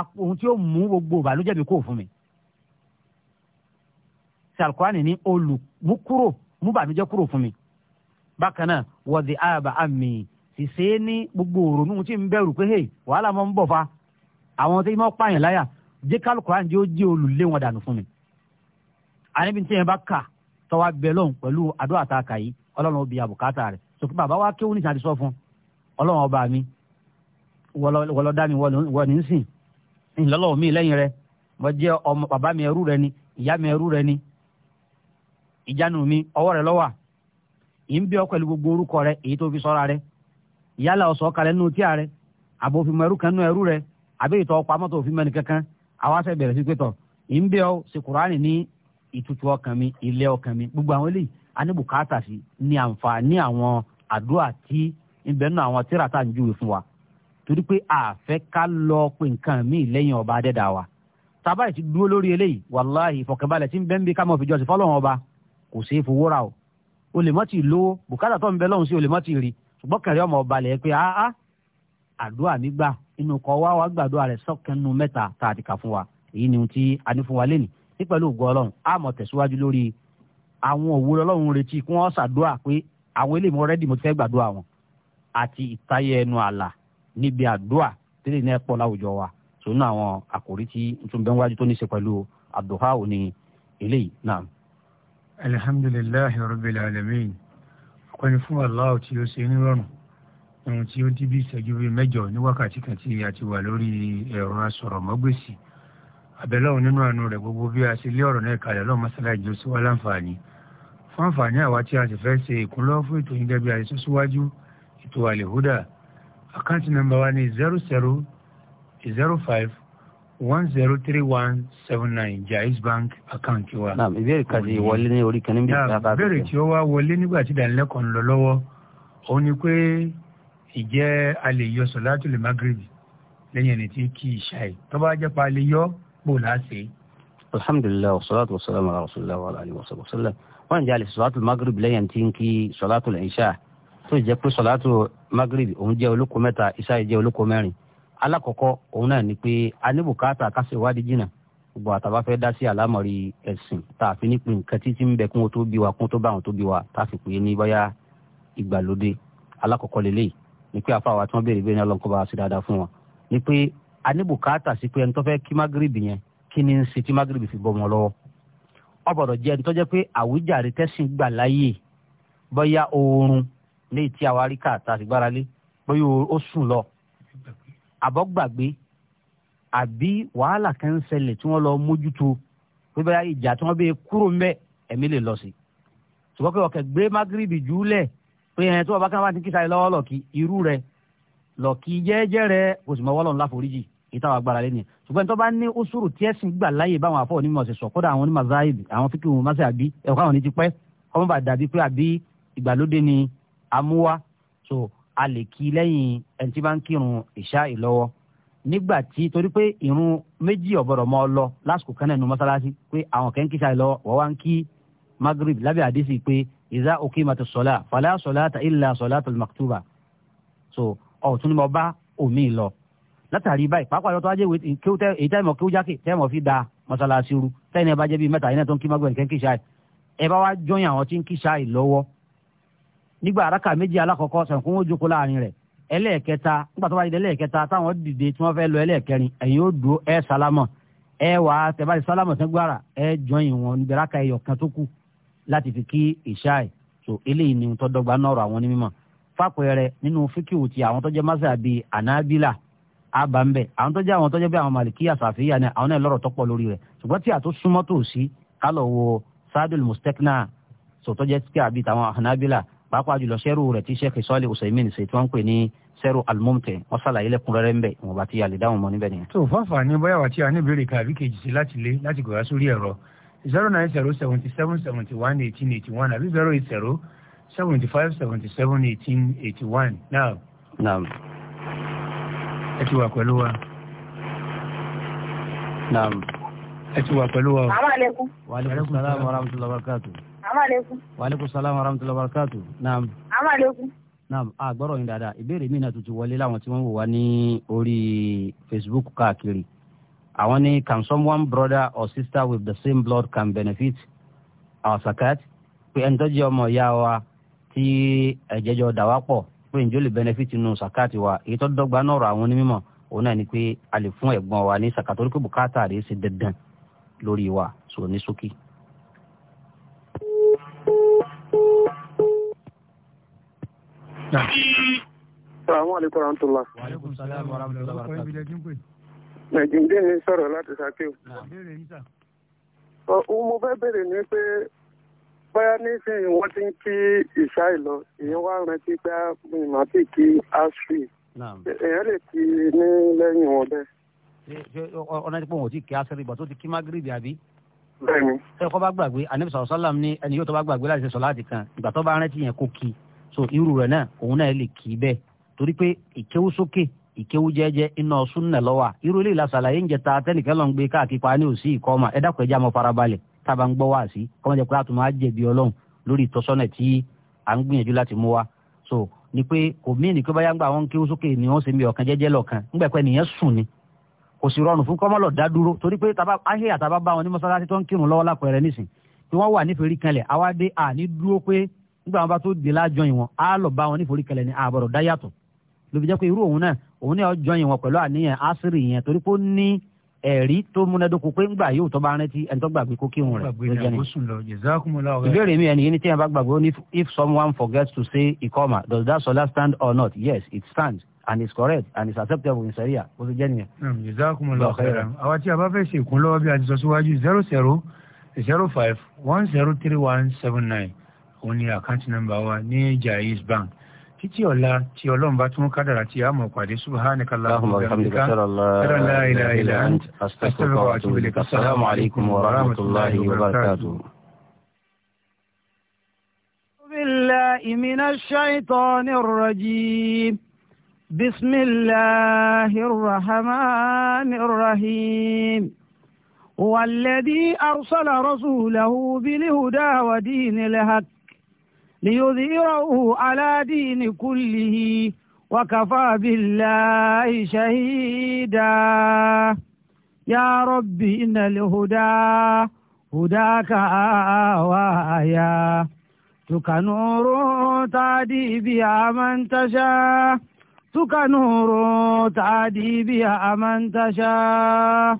ohun tí ó mú gbogbo ìbànújẹ́ mi kò fún mi salkurani ni olùmúkúrò múbànújẹ́ kúrò fún mi bákan náà wọ́dí àbá àmì ṣìṣe ní gbogbo òrònú tí ń bẹ̀rù pé wàhálà mọ́ ń bọ̀ fa àwọn tí wọ́n pààyàn láyà jẹ́ kálukùránì jẹ́ ó jẹ́ olùlé wọn dànù fún mi. àníbi tí yẹn bá kà tọ́wọ́ bẹ pẹ̀lú àdó àtàkà yìí ọlọ́run ó àbùkátà rẹ̀ sókè bàbá wa kéwù nìkan ti sọ fún ọlọ́run ọba mi wọlọ́dá mi wọ ní sìn ńlọ́lọ́wọ́ mi lẹ́yìn rẹ mo jẹ́ ọmọ bàbá mi ẹrú rẹ ni ìyá mi ẹrú rẹ ni ìjánu mi ọwọ́ rẹ lọ́wà ì ń bí ọ pẹ̀lú gbogbo orúkọ rẹ èyí tó fi sọ́ra rẹ ìyálà ọ̀sọ́ kalẹ̀ nínú tíà rẹ àbòfin ẹrú kan nínú ẹrú rẹ àbí ìtọ́ ọkọ̀ amọ́tò òfin mẹ́ni kankan àwa fẹ́ bẹ̀rẹ̀ sí pétọ̀ ì ń bí ọ sí kùránì ní ìtutù ọkàn mi ilé ọkàn mi gbogbo àwọn eléyìí aníbùkátà sí ní àǹfààní àwọn àdúrà tí ń bẹ nínú àwọn tíra ń júwe fún wa torí pé àfẹ́ ká lọ pé nǹkan míì lẹ́yìn ọba adẹ́dà wa tábà ti dúró lórí eléyìí wàláhì ìfọ̀kànbalẹ̀ tí ń bẹ́ ń bí kámọ́ òfìjọ́sìn fọ́lọ́run ọba kò ṣeé fowó ra o o lè lówó bùkátà tó ń bẹ lọ́hùn sí o lè rí ṣùgbọ́n kẹrẹ́ ọmọ ọba lẹ̀ pé áá àdúrà mi gbà inú kọ wá wá gbàdúrà rẹ̀ sọ́kànnù mẹ́ta tá a ti kà fún wa èyí ni ohun a ní fún wa lẹ́nìí ní pẹ̀lú ògo ọlọ́run á mọ̀ tẹ̀síwájú lórí àwọn òwúrọ̀ ọlọ́run retí kí wọ́n ṣàdúrà pé àwọn eléyìí mo rẹ́dì mo ti fẹ́ gbàdúrà wọn àti ìtayẹ ẹnu àlà níbi àdúà tẹ́lẹ̀ náà pọ̀ láwùjọ wa sòun àwọn àkòrí tí tún bẹ́ẹ̀ wájú tó ní í ṣe pẹ̀lú àdùhá òní eléyìí náà. alhamdulilayi rabbil alamin ọpẹ́ni fún aláwọ̀ tí ó ṣe nírọ̀rùn ohun tí ó ti bí ìṣẹ́jú bíi mẹ́jọ ní wákàtí kan tí a ti wà lórí ẹ̀rọ asọ̀rọ̀mọ́gbèsì àbẹ̀lọ́hùn nínú àánú rẹ̀ gbogbo bí a ṣe lé ọ̀rọ̀ náà kalẹ̀ lọ́wọ́ mọ́ṣáláàjì ó sì wá láǹfààní fún àǹfààní àwa tí a sì fẹ́ ṣe ìkúnlọ́ fún ètò yín gẹ́gẹ́ bí a ṣe síwájú ètò àlèhúdà Account number one is zero zero zero five one zero three one seven nine Jaiz Bank account wa. naam ìbéèrè kan ti wọlé ní orí kan níbi ìgbà kan. ìbéèrè tí ó wá wọlé nígbà tí ìdánilẹ́kọ̀ọ́ ń lọ lọ́wọ́ òun ni pé ìjẹ́ a lè yọ sọ̀látùl magribi lẹ́yìn ẹni tí kì í ṣáì tó bá jẹ́ pa lè yọ bò láṣẹ. alhamdulilayi wa salatu wa salam ala rasulillah wa alayhi wa sallam wọn jẹ́ a lè sọ̀látùl magribi lẹ́yìn tí kì í sọ̀látùl ìṣá tó jẹ́ pé sọ̀látù magrib òun jẹ́ olóko mẹ́ta ìṣáì jẹ́ olóko mẹ́rin alákọ̀ọ́kọ́ òun náà ni pé aníbùkátà kásẹ̀ wádìí jìnnà gbogbo àtàbá fẹ́ dá sí àlámọ̀rí ẹ̀sìn tá a fi ní pé nǹkan títí ń bẹ kún tó bí wa kún tó bá àwọn tó bí wa tá a fi pè é ní bóyá ìgbàlódé alákọ̀ọ́kọ́ lélẹ́yìí ni pé afáwa tí wọ́n béèrè bẹ́ẹ̀ ni ọlọ́nkọ́ bá ṣe dáadáa fún wọn ni pé aníbùkátà sí pé ẹni tó fẹ́ kí magrib yẹn kí ni ń ṣe tí magrib fi bọ́ wọn lọ́wọ́ ọ̀bọ̀dọ̀ jẹ́ ẹni tó jẹ́ pé àwíjàre tẹ́sìn gbà láyè bóyá oorun ní etí àwáríkà tàbí gbáralé bóyá ó sùn lọ àbọ̀ gbàgbé àbí wàhálà kan ń ṣẹlẹ̀ tí wọ́n lọ mójútó pé bóyá ìjà tí wọ́n bẹ kúrò ń bẹ̀ ẹ̀mí lè lọ sí i ṣùgbọ́n pé ọ̀kẹ́ gbé magrebi jùlẹ̀ pé ẹ̀yẹn tí wọ́n bá kí wọ́n ti kíta lọ́wọ́ lọ́ọ̀kì irú rẹ̀ lọ́ọ̀kì jẹ́ẹ́jẹ́ rẹ̀ kò sì mọ wọ́lọ́run láforíjì ìtawà agbára lẹ́nu ẹ̀ ṣùgbọ́n tó bá ní usuru tí ẹ̀sìn gbà láàyè báwọn afọ onímọ̀ ṣe sọ kódà àwọn onímọ̀ záìbì àwọn fíkì wọn máṣe àbí ẹ̀kọ́ àwọn ní ti pẹ́ kọ́mọ́ bá pé àbí ìgbàlódé ni amúwá so a lè kí lẹ́yìn ẹni tí bá ń kírun ìṣá ìlọ́wọ́ nígbà tí torí pé irun méjì ọ̀bọ̀dọ̀ mọ́ ọ lọ lásìkò kan náà nu mọ́sálásí pé àwọn kẹ́ ń kí ìṣá ìlọ́wọ́ wọ́n wá ń kí magrib lábẹ́ àdísì pé ìzá òkè màtò sọ̀lá fàlà sọ̀lá ta ìlà sọ̀lá tó màkútùbà so ọ̀tún ni mo bá omi lọ látàrí báyìí pàápàá yọtọ ajé èyí tẹ́mọ̀ kí ó jákè tẹ́mọ̀ fi da mọ́sálásí ru tẹ́yìn ẹ bá jẹ́ bíi mẹ́ta yìí tó ń kí magrib kẹ́ ń kí ìṣá ẹ bá wá jọyìn àwọn tí ń kí ìṣá lọ́wọ́ nígbà araka méjì alákọ̀ọ́kọ́ sẹ̀kún ó jókòó láàrin rẹ̀ ẹlẹ́ẹ̀kẹta nígbà tó bá yẹ ẹlẹ́ẹ̀kẹta táwọn dìde tí wọ́n fẹ́ lọ ẹlẹ́ẹ̀kẹrin ẹ̀yin ó do ẹ sálámọ̀ ẹ wà á tẹ̀ bá ti sálámọ̀ tẹ́ gbára ẹ jọyìn wọn níbi araka ẹyọ kan tó kù láti fi kí ìṣá ẹ̀ eléyìí ni tó dọ́gba nọ́ọ̀rọ̀ àwọn onímọ̀ fàpẹẹrẹ nínú fíkìwù ti àwọn tó masa bíi anabila abambẹ àwọn tó jẹ́ àwọn tó jẹ́ bí àwọn malikiya sàfihàn ni àwọn náà lọ́rọ̀ tó lórí rẹ̀ ṣùgbọ́n tí àtúnṣúmọ́ tòsí kálọ̀ wo sadul mustekna sọtọ́jẹ́ tí àbí tàwọn anabila pàápàá jùlọ sẹ́rù rẹ̀ tí sẹ́kì sọ́ọ́lì ọ̀sẹ̀mìn ṣe tí wọ́n ń pè ní sẹ́rù alimọ́mùtẹ̀ wọ́n ṣàlàyé lẹ́kùnrẹ́rẹ́ ń bẹ̀ wọn bá ti yàlẹ̀ dáhùn mọ́ níbẹ̀ nìyẹn. tó fáfà ní bóyá wà tí a ní ìbéèrè kan kejì sí láti lé láti gbọ̀wá sórí ẹ̀rọ zero nine zero seventy seven seventy one eighteen eighty one àbí zero eight zero seventy five seventy seven eighteen eighty one now. naam. ẹ ti wà pẹ̀lú wa. naam. ẹ ti wà pẹ̀lú wa. salaamaleykum. wa aleykum salaam wa rahmatulah amaleku. waaleykum salaam wa rahmatulah wa barakatu. naam. amaleku. naam a gbọ́dọ̀ yín dáadáa ìbéèrè mi náà tuntun wọlé láwọn tí wọ́n wò wá ní orí facebook káàkiri àwọn ni can someone brother or sister with the same blood can benefit our zakat pé ẹni tó jẹ́ ọmọ ìyá wa tí ẹ̀jẹ̀ jọ dà wá pọ̀ pé ǹjẹ́ ó lè benefit nínú zakat wa èyí tó dọ́gba náà rọ àwọn onímọ̀ òun náà ni pé a lè fún ẹ̀gbọ́n wa ní zakat bùkátà rẹ̀ ṣe dandan lórí wa sọ ní ṣókí. So, Assalamu alaikum warahmatullahi. Wa alaikum salam warahmatullahi wabarakatuh. Nàìjíríà ní sọ̀rọ̀ láti Ṣakíù. Mo fẹ́ bèrè ní pé bóyá nísìnyí wọ́n ti ń kí ìṣá ìlọ, èyí wá rántí pé ìmọ̀ àti kí Ashri. Èèyàn lè kí ní lẹ́yìn wọn bẹ́ẹ̀. Ọ̀nà ìpò wọn ò tí kí Ashri bọ̀ tó ti kí Maghrib àbí? Bẹ́ẹ̀ni. Ṣé ọkọ bá gbàgbé, Ànábì sallallahu alaihi wasallam ní ẹni yóò tó bá gbàgbé láti ṣe sọ̀láàtì kan, ìgbà tó bá rántí yẹn kó kí i. so irú rẹ̀ náà òun náà lè kì í bẹ́ẹ̀ torí pé ìkéwú sókè ìkéwú jẹ́jẹ́ iná súnnà lọ́wà irú ilé ìlàsàlàyé ń jẹta tẹ́nìkẹ́ lọ́n gbé káàkiri pa ní òsì ìkọ́mà ẹ dákun ẹja mọ́ farabalẹ̀ tábà ń gbọ́ wá sí kọ́mọ́ jẹ́ pé a tún máa jẹ̀bi ọlọ́run lórí ìtọ́sọ́nà tí à ń gbìyànjú láti mú wa so ni pé kò mí ní kí bá nkewu ń gbà kéwú sókè ni wọ́n ṣe mi ọ̀kan jẹ́jẹ́ nìyẹn sùn ni kò sì rọrùn fún dá dúró torí nígbà wọn bá tó dé lájọ yìí wọn á lọ bá wọn níforí kẹlẹ ní àbọ̀rọ̀ dáyàtọ̀ lóbi jẹ́ pé irú òun náà òun náà jọ yìí wọn pẹ̀lú àníyàn àṣírí yẹn torí pé ó ní ẹ̀rí tó múnádóko pé ńgbà yóò tó bá rántí ẹni tó gbàgbé kó kírun rẹ̀ ló jẹ́ ni. ìbéèrè mi ẹni yìí ni tí yẹn bá gbàgbé ó ní if someone forgets to say ikoma does that solar stand or not yes it stands and it's correct and it's acceptable in sharia ó ti jẹ́ nìyẹn. àwa tí a bá fẹ́ ṣe ìkúnlọ́wọ́ bí a ti sọ síwájú zero zero zero five one zero three one seven nine òun ni àkáǹtì nọ́mbà wa ní Jaiz Bank títí ọ̀la tí ọlọ́run bá tún kádàrà tí a mọ̀ pàdé subhanaka allahumma wa bihamdika la ilaha illa anta astaghfiruka wa الشيطان الرجيم بسم الله الرحمن الرحيم هو الذي أرسل رسوله بالهدى ودين الحق ليظهره على دين كله وكفى بالله شهيدا يا رب إن الهدى هداك آوايا تك نور تعدي بها من تشاء تك نور تعدي بها من تشاء